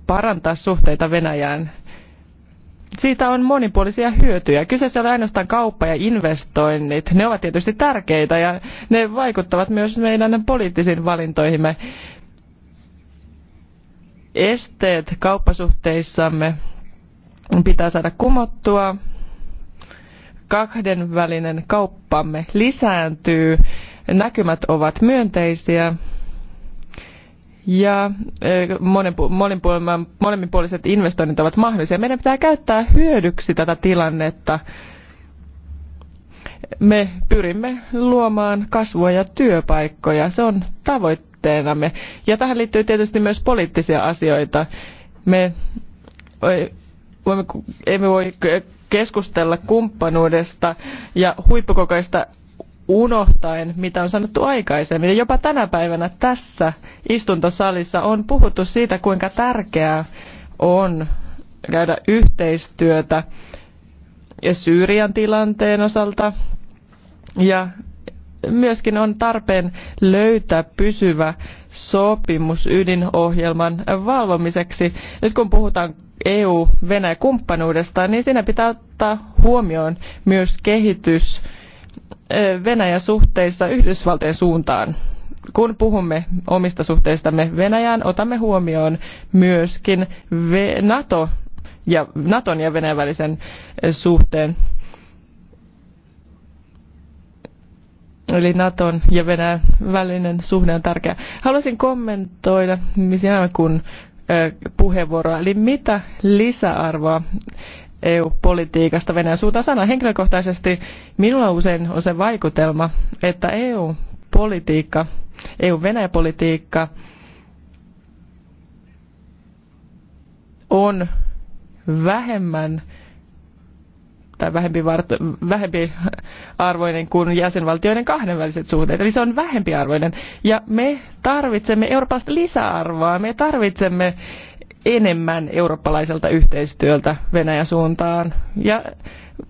parantaa suhteita Venäjään. Siitä on monipuolisia hyötyjä. Kyseessä on ainoastaan kauppa ja investoinnit. Ne ovat tietysti tärkeitä ja ne vaikuttavat myös meidän poliittisiin valintoihimme. Esteet kauppasuhteissamme pitää saada kumottua. Kahdenvälinen kauppamme lisääntyy, näkymät ovat myönteisiä ja molemminpuoliset investoinnit ovat mahdollisia. Meidän pitää käyttää hyödyksi tätä tilannetta. Me pyrimme luomaan kasvua ja työpaikkoja. Se on tavoitteenamme. Ja tähän liittyy tietysti myös poliittisia asioita. Me voimme, emme voi keskustella kumppanuudesta ja huippukokoista unohtaen, mitä on sanottu aikaisemmin. Ja jopa tänä päivänä tässä istuntosalissa on puhuttu siitä, kuinka tärkeää on käydä yhteistyötä ja Syyrian tilanteen osalta. Ja myöskin on tarpeen löytää pysyvä sopimus ydinohjelman valvomiseksi. Nyt kun puhutaan EU-Venäjä-kumppanuudesta, niin siinä pitää ottaa huomioon myös kehitys Venäjän suhteissa Yhdysvaltojen suuntaan. Kun puhumme omista suhteistamme Venäjään, otamme huomioon myöskin NATO ja, Naton ja Venäjän välisen suhteen Eli Naton ja Venäjän välinen suhde on tärkeä. Haluaisin kommentoida sinä kun puheenvuoroa, eli mitä lisäarvoa EU-politiikasta Venäjän suuntaan sana. Henkilökohtaisesti minulla usein on se vaikutelma, että EU-politiikka, EU-Venäjä-politiikka on vähemmän tai vähempi, varto, vähempi arvoinen kuin jäsenvaltioiden kahdenväliset suhteet. Eli se on vähempi arvoinen. Ja me tarvitsemme Euroopasta lisäarvoa. Me tarvitsemme enemmän eurooppalaiselta yhteistyöltä Venäjän suuntaan. Ja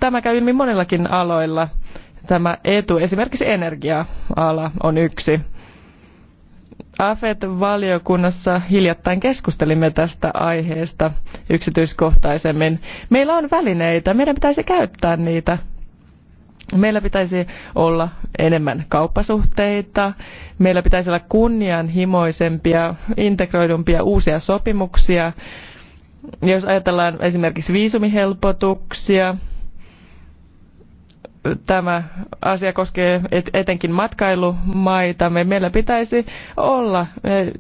tämä käy ilmi monillakin aloilla. Tämä etu, esimerkiksi energia-ala on yksi AFET-valiokunnassa hiljattain keskustelimme tästä aiheesta yksityiskohtaisemmin. Meillä on välineitä, meidän pitäisi käyttää niitä. Meillä pitäisi olla enemmän kauppasuhteita, meillä pitäisi olla kunnianhimoisempia, integroidumpia uusia sopimuksia. Jos ajatellaan esimerkiksi viisumihelpotuksia, tämä asia koskee etenkin matkailumaita. Meillä pitäisi olla eh,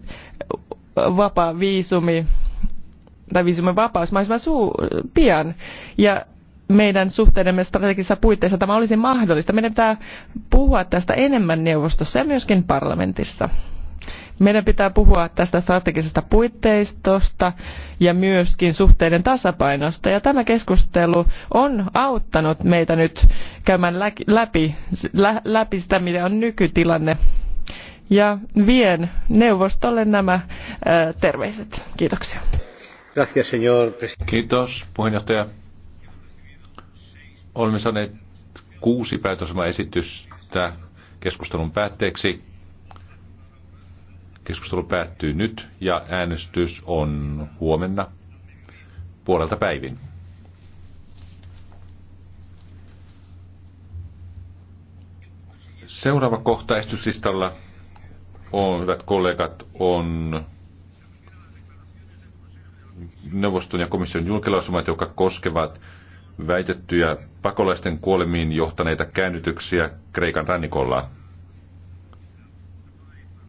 vapaa viisumi tai viisumme vapaus mahdollisimman suu, pian. Ja meidän suhteidemme strategisissa puitteissa tämä olisi mahdollista. Meidän pitää puhua tästä enemmän neuvostossa ja myöskin parlamentissa. Meidän pitää puhua tästä strategisesta puitteistosta ja myöskin suhteiden tasapainosta. Ja tämä keskustelu on auttanut meitä nyt käymään läpi, läpi sitä, mitä on nykytilanne. Ja vien neuvostolle nämä äh, terveiset. Kiitoksia. Kiitos, puheenjohtaja. Olemme saaneet kuusi päätösmaesitystä keskustelun päätteeksi. Keskustelu päättyy nyt ja äänestys on huomenna puolelta päivin. Seuraava kohta esityslistalla on, hyvät kollegat, on neuvoston ja komission julkilausumat, jotka koskevat väitettyjä pakolaisten kuolemiin johtaneita käännytyksiä Kreikan rannikolla.